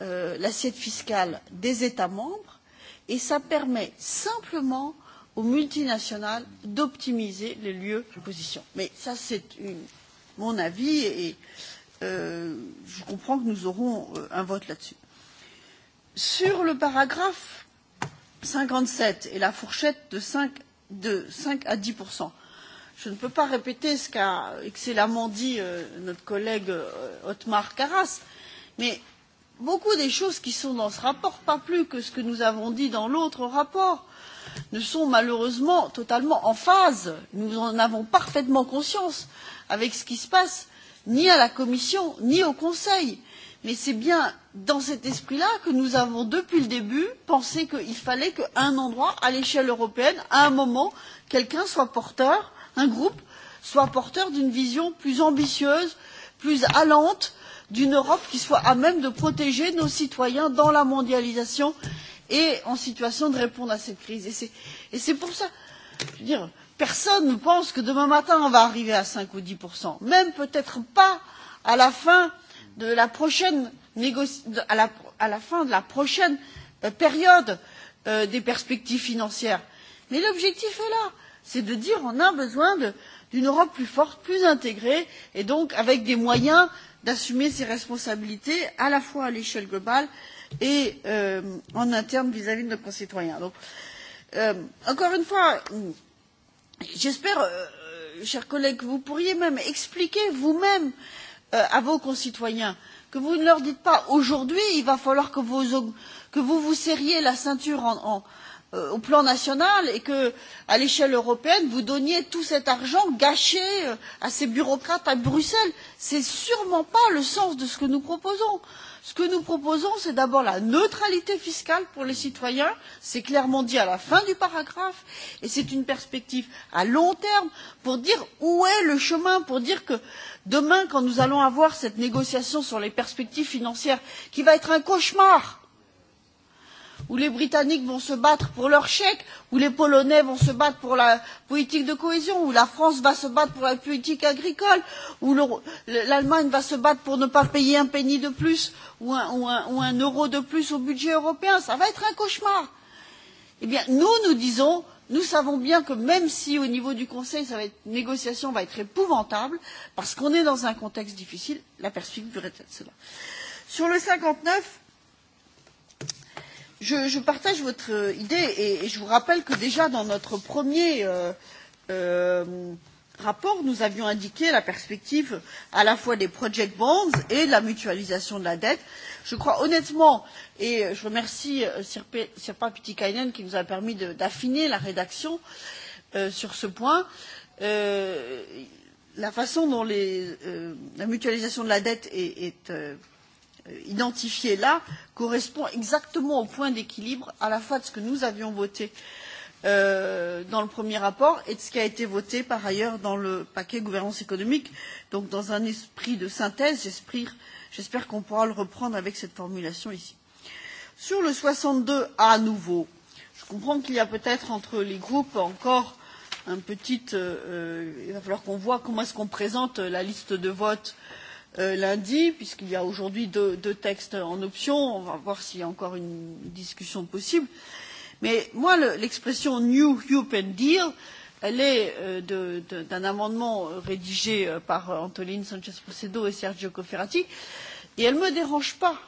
l'assiette fiscale des États membres et cela permet simplement aux multinationales d'optimiser les lieux position. mais ça c'est mon avis et euh, je comprends que nous aurons euh, un vote là dessus. sur le paragraphe cinquante sept et la fourchette de cinq à dix je ne peux pas répéter ce qu'a excellemment dit euh, notre collègue euh, othmar karas mais beaucoup des choses qui sont dans ce rapport pas plus que ce que nous avons dit dans l'autre rapport ne sont malheureusement totalement en phase nous en avons parfaitement conscience avec ce qui se passe ni à la commission ni au conseil mais c'est bien dans cet esprit là que nous avons depuis le début pensé qu'il fallait qu'à un endroit à l'échelle européenne à un moment quelqu'un soit porteur un groupe soit porteur d'une vision plus ambitieuse plus allante d'une europe qui soit à même de protéger nos citoyens dans la mondialisation et en situation de répondre à cette crise. Et c'est pour cela que personne ne pense que demain matin on va arriver à cinq ou dix même peut être pas à la fin de la prochaine, à la, fin de la prochaine euh, période euh, des perspectives financières. mais l'objectif est là c'est de dire qu'on a besoin de d'une europe plus forte plus intégrée et donc avec des moyens d'assumer ses responsabilités à la fois à l'échelle globale et euh, en interne vis à vis de nos concitoyens. Euh, encore une fois j'espère euh, chers collègues que vous pourriez même expliquer vous même à vos concitoyens que vous ne leur dites pas aujourd'hui il va falloir que vous vous, serriez la ceinture en Euh, au plan national et que à l'échelle européenne vous donniez tout cet argent gâché euh, à ces bureaucrates à bruxelles. ce n'est sûrement pas le sens de ce que nous proposons. ce que nous proposons c'est d'abord la neutralité fiscale pour les citoyens c'est clairement dit à la fin du paragraphe et c'est une perspective à long terme pour dire où est le chemin pour dire que demain quand nous allons avoir cette négociation sur les perspectives financières qui va être un cauchemar où les britanniques vont se battre pour leur chèque où les polonais vont se battre pour la politique de cohésion où la france va se battre pour la politique agricole où l'allemagne va se battre pour ne pas payer un penny de plus ou un, ou, un, ou un euro de plus au budget européen ça va être un cauchemar. eh bien nous nous disons nous savons bien que même si au niveau du conseil une négociation va être épouvantable parce qu'on est dans un contexte difficile la perspective devrait être cela. sur le cinquante neuf je, partage votre euh, idée et, je vous rappelle que déjà dans notre premier euh, euh, rapport nous avions indiqué la perspective à la fois des project bonds et de la mutualisation de la dette. je crois honnêtement et je remercie sirpa pietikäinen qui nous a permis d'affiner la rédaction sur ce point la façon dont la mutualisation de la dette est identifié là correspond exactement au point d'équilibre à la fois de ce que nous avions voté euh, dans le premier rapport et de ce qui a été voté par ailleurs dans le paquet gouvernance économique. donc dans un esprit de synthèse j'espère qu'on pourra le reprendre avec cette formulation ici. sur le soixante deux à nouveau je comprends qu'il y a peut être entre les groupes encore un petit euh, euh il va falloir qu'on voit comment est ce qu'on présente la liste de vote euh, Euh, lundi puisqu'il y a aujourd'hui deux, deux textes en option on va voir s'il y a encore une discussion possible mais moi l'expression le, new european deal elle est euh, d'un amendement rédigé euh, par Antoline sanchez procedo et sergio cofferati et elle ne me dérange pas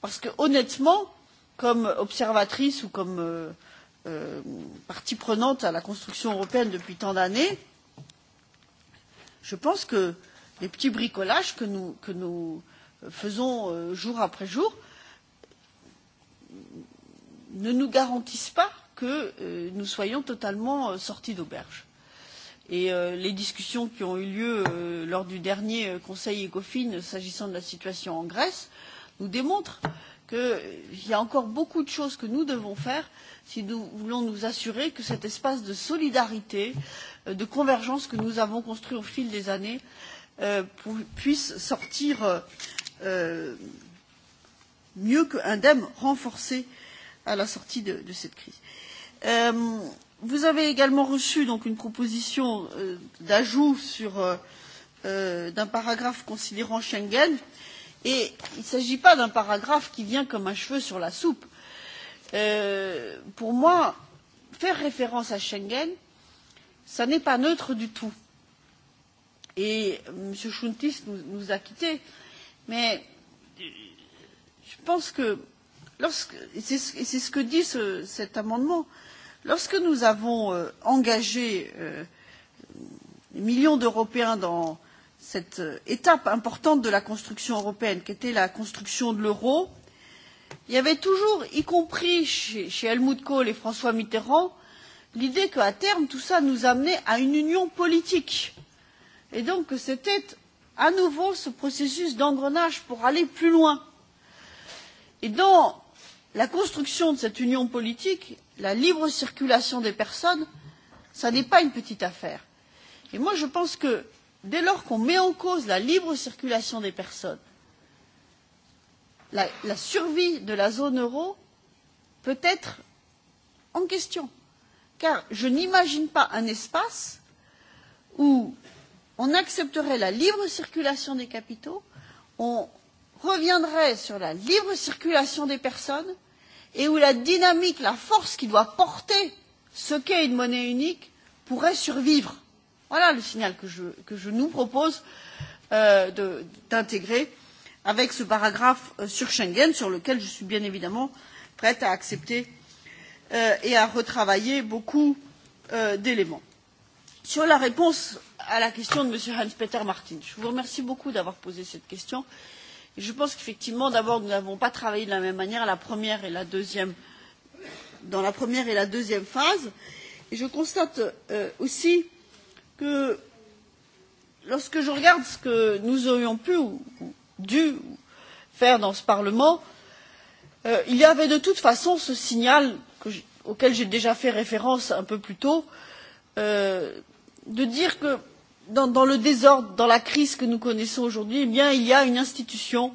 parce que honnêtement comme observatrice ou comme euh, euh, partie prenante à la construction européenne depuis tant d'années je pense que les petits bricolages que nous, que nous euh, faisons euh, jour après jour ne nous garantissent pas que euh, nous soyons totalement sortis d'auberge. Et euh, les discussions qui ont eu lieu euh, lors du dernier Conseil ECOFIN s'agissant de la situation en Grèce nous démontrent qu'il euh, y a encore beaucoup de choses que nous devons faire si nous voulons nous assurer que cet espace de solidarité, euh, de convergence que nous avons construit au fil des années euh, Euh, puisse sortir euh, mieux qu'indemnes, renforcé à la sortie de, de cette crise. Euh, vous avez également reçu donc une proposition euh, d'ajout euh, euh, d'un paragraphe considérant Schengen et il ne s'agit pas d'un paragraphe qui vient comme un cheveu sur la soupe. pour moi, faire référence à Schengen, ce n'est pas neutre du tout et euh, M. Chountis nous, nous a quittés. Mais euh, je pense que lorsque, et c'est ce que dit ce, cet amendement, lorsque nous avons euh, engagé euh, des millions d'Européens dans cette euh, étape importante de la construction européenne, qui était la construction de l'euro, il y avait toujours, y compris chez, chez Helmut Kohl et François Mitterrand, l'idée qu'à terme, tout ça nous amenait à une union politique. Euh, et donc c'était à nouveau ce processus d'engrenage pour aller plus loin. et dans la construction de cette union politique la libre circulation des personnes ce n'est pas une petite affaire. et moi je pense que dès lors qu'on met en cause la libre circulation des personnes la, la survie de la zone euro peut être en question car je n'imagine pas un espace où on accepterait la libre circulation des capitaux on reviendrait sur la libre circulation des personnes et où la dynamique la force qui doit porter ce qu'est une monnaie unique pourrait survivre. voilà le signal que je, que je nous propose euh, d'intégrer avec ce paragraphe euh, sur schengen sur lequel je suis bien évidemment prête à accepter euh, et à retravailler beaucoup euh, d'éléments. sur la réponse à la question de m. hans peter martin. je vous remercie beaucoup d'avoir posé cette question. je pense qu'effectivement d'abord nous n'avons pas travaillé de la même manière la première et la deuxième, dans la première et la deuxième phase et je constate euh, aussi que lorsque je regarde ce que nous aurions pu ou dû faire dans ce parlement euh, il y avait de toute façon ce signal que auquel j'ai déjà fait référence un peu plus tôt euh, de dire que dans, le désordre dans la crise que nous connaissons aujourd'hui eh bien il y a une institution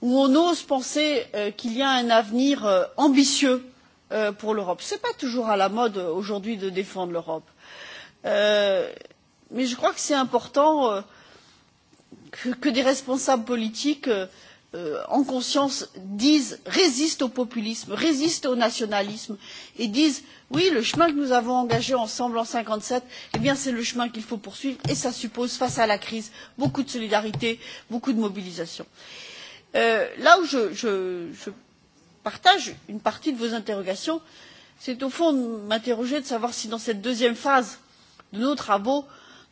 où on ose penser euh, qu'il y a un avenir euh, ambitieux euh, pour l'europe. ce n'est pas toujours à la mode aujourd'hui de défendre l'europe mais je crois que c'est important que des responsables politiques Euh, en conscience disent résistent au populisme résistent au nationalisme et disent oui le chemin que nous avons engagé ensemble en mille neuf cent cinquante sept eh c'est le chemin qu'il faut poursuivre et cela suppose face à la crise beaucoup de solidarité beaucoup de mobilisation. Euh, là où je, partage une partie de vos interrogations c'est au fond de m'interroger de savoir si dans cette deuxième phase de nos travaux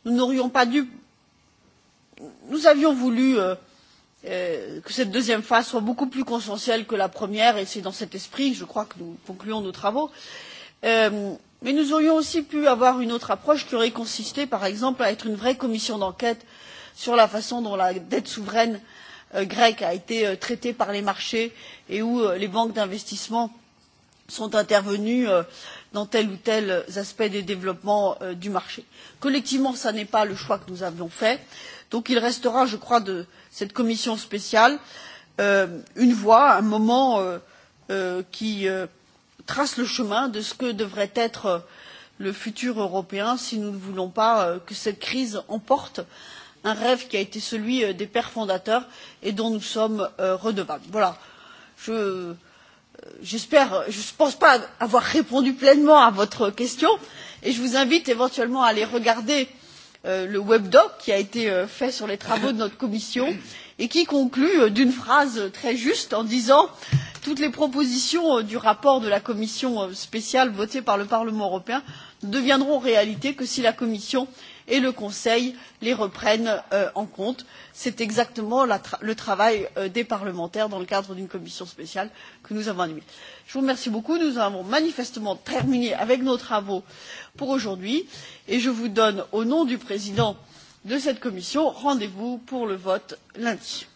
nous n'aurions pas dû nous avions voulu euh, Euh, que cette deuxième phase soit beaucoup plus consensuelle que la première et c'est dans cet esprit je crois que nous concluons nos travaux. Euh, mais nous aurions aussi pu avoir une autre approche qui aurait consisté par exemple à être une vraie commission d'enquête sur la façon dont la dette souveraine euh, grecque a été traitée par les marchés et où les banques d'investissement sont intervenues dans tel ou tel aspect des développements du marché. collectivement ce n'est pas le choix que nous avions fait donc il restera je crois de cette commission spéciale euh, une voie un moment euh, euh, qui euh, trace le chemin de ce que devrait être euh, le futur européen si nous ne voulons pas euh, que cette crise emporte un rêve qui a été celui des pères fondateurs et dont nous sommes redevables. voilà je j'espère je ne pense pas avoir répondu pleinement à votre question et je vous invite éventuellement à aller regarder Euh, le webdoc qui a été euh, fait sur les travaux de notre commission et qui conclut euh, d'une phrase très juste en disant toutes les propositions du rapport de la commission spéciale voté par le parlement européen ne deviendront réalité que si la commission et le conseil les reprenne euh, en compte. c'est exactement le travail euh, des parlementaires dans le cadre d'une commission spéciale que nous avons animée. je vous remercie beaucoup nous avons manifestement terminé avec nos travaux pour aujourd'hui et je vous donne au nom du président de cette commission rendez vous pour le vote lundi.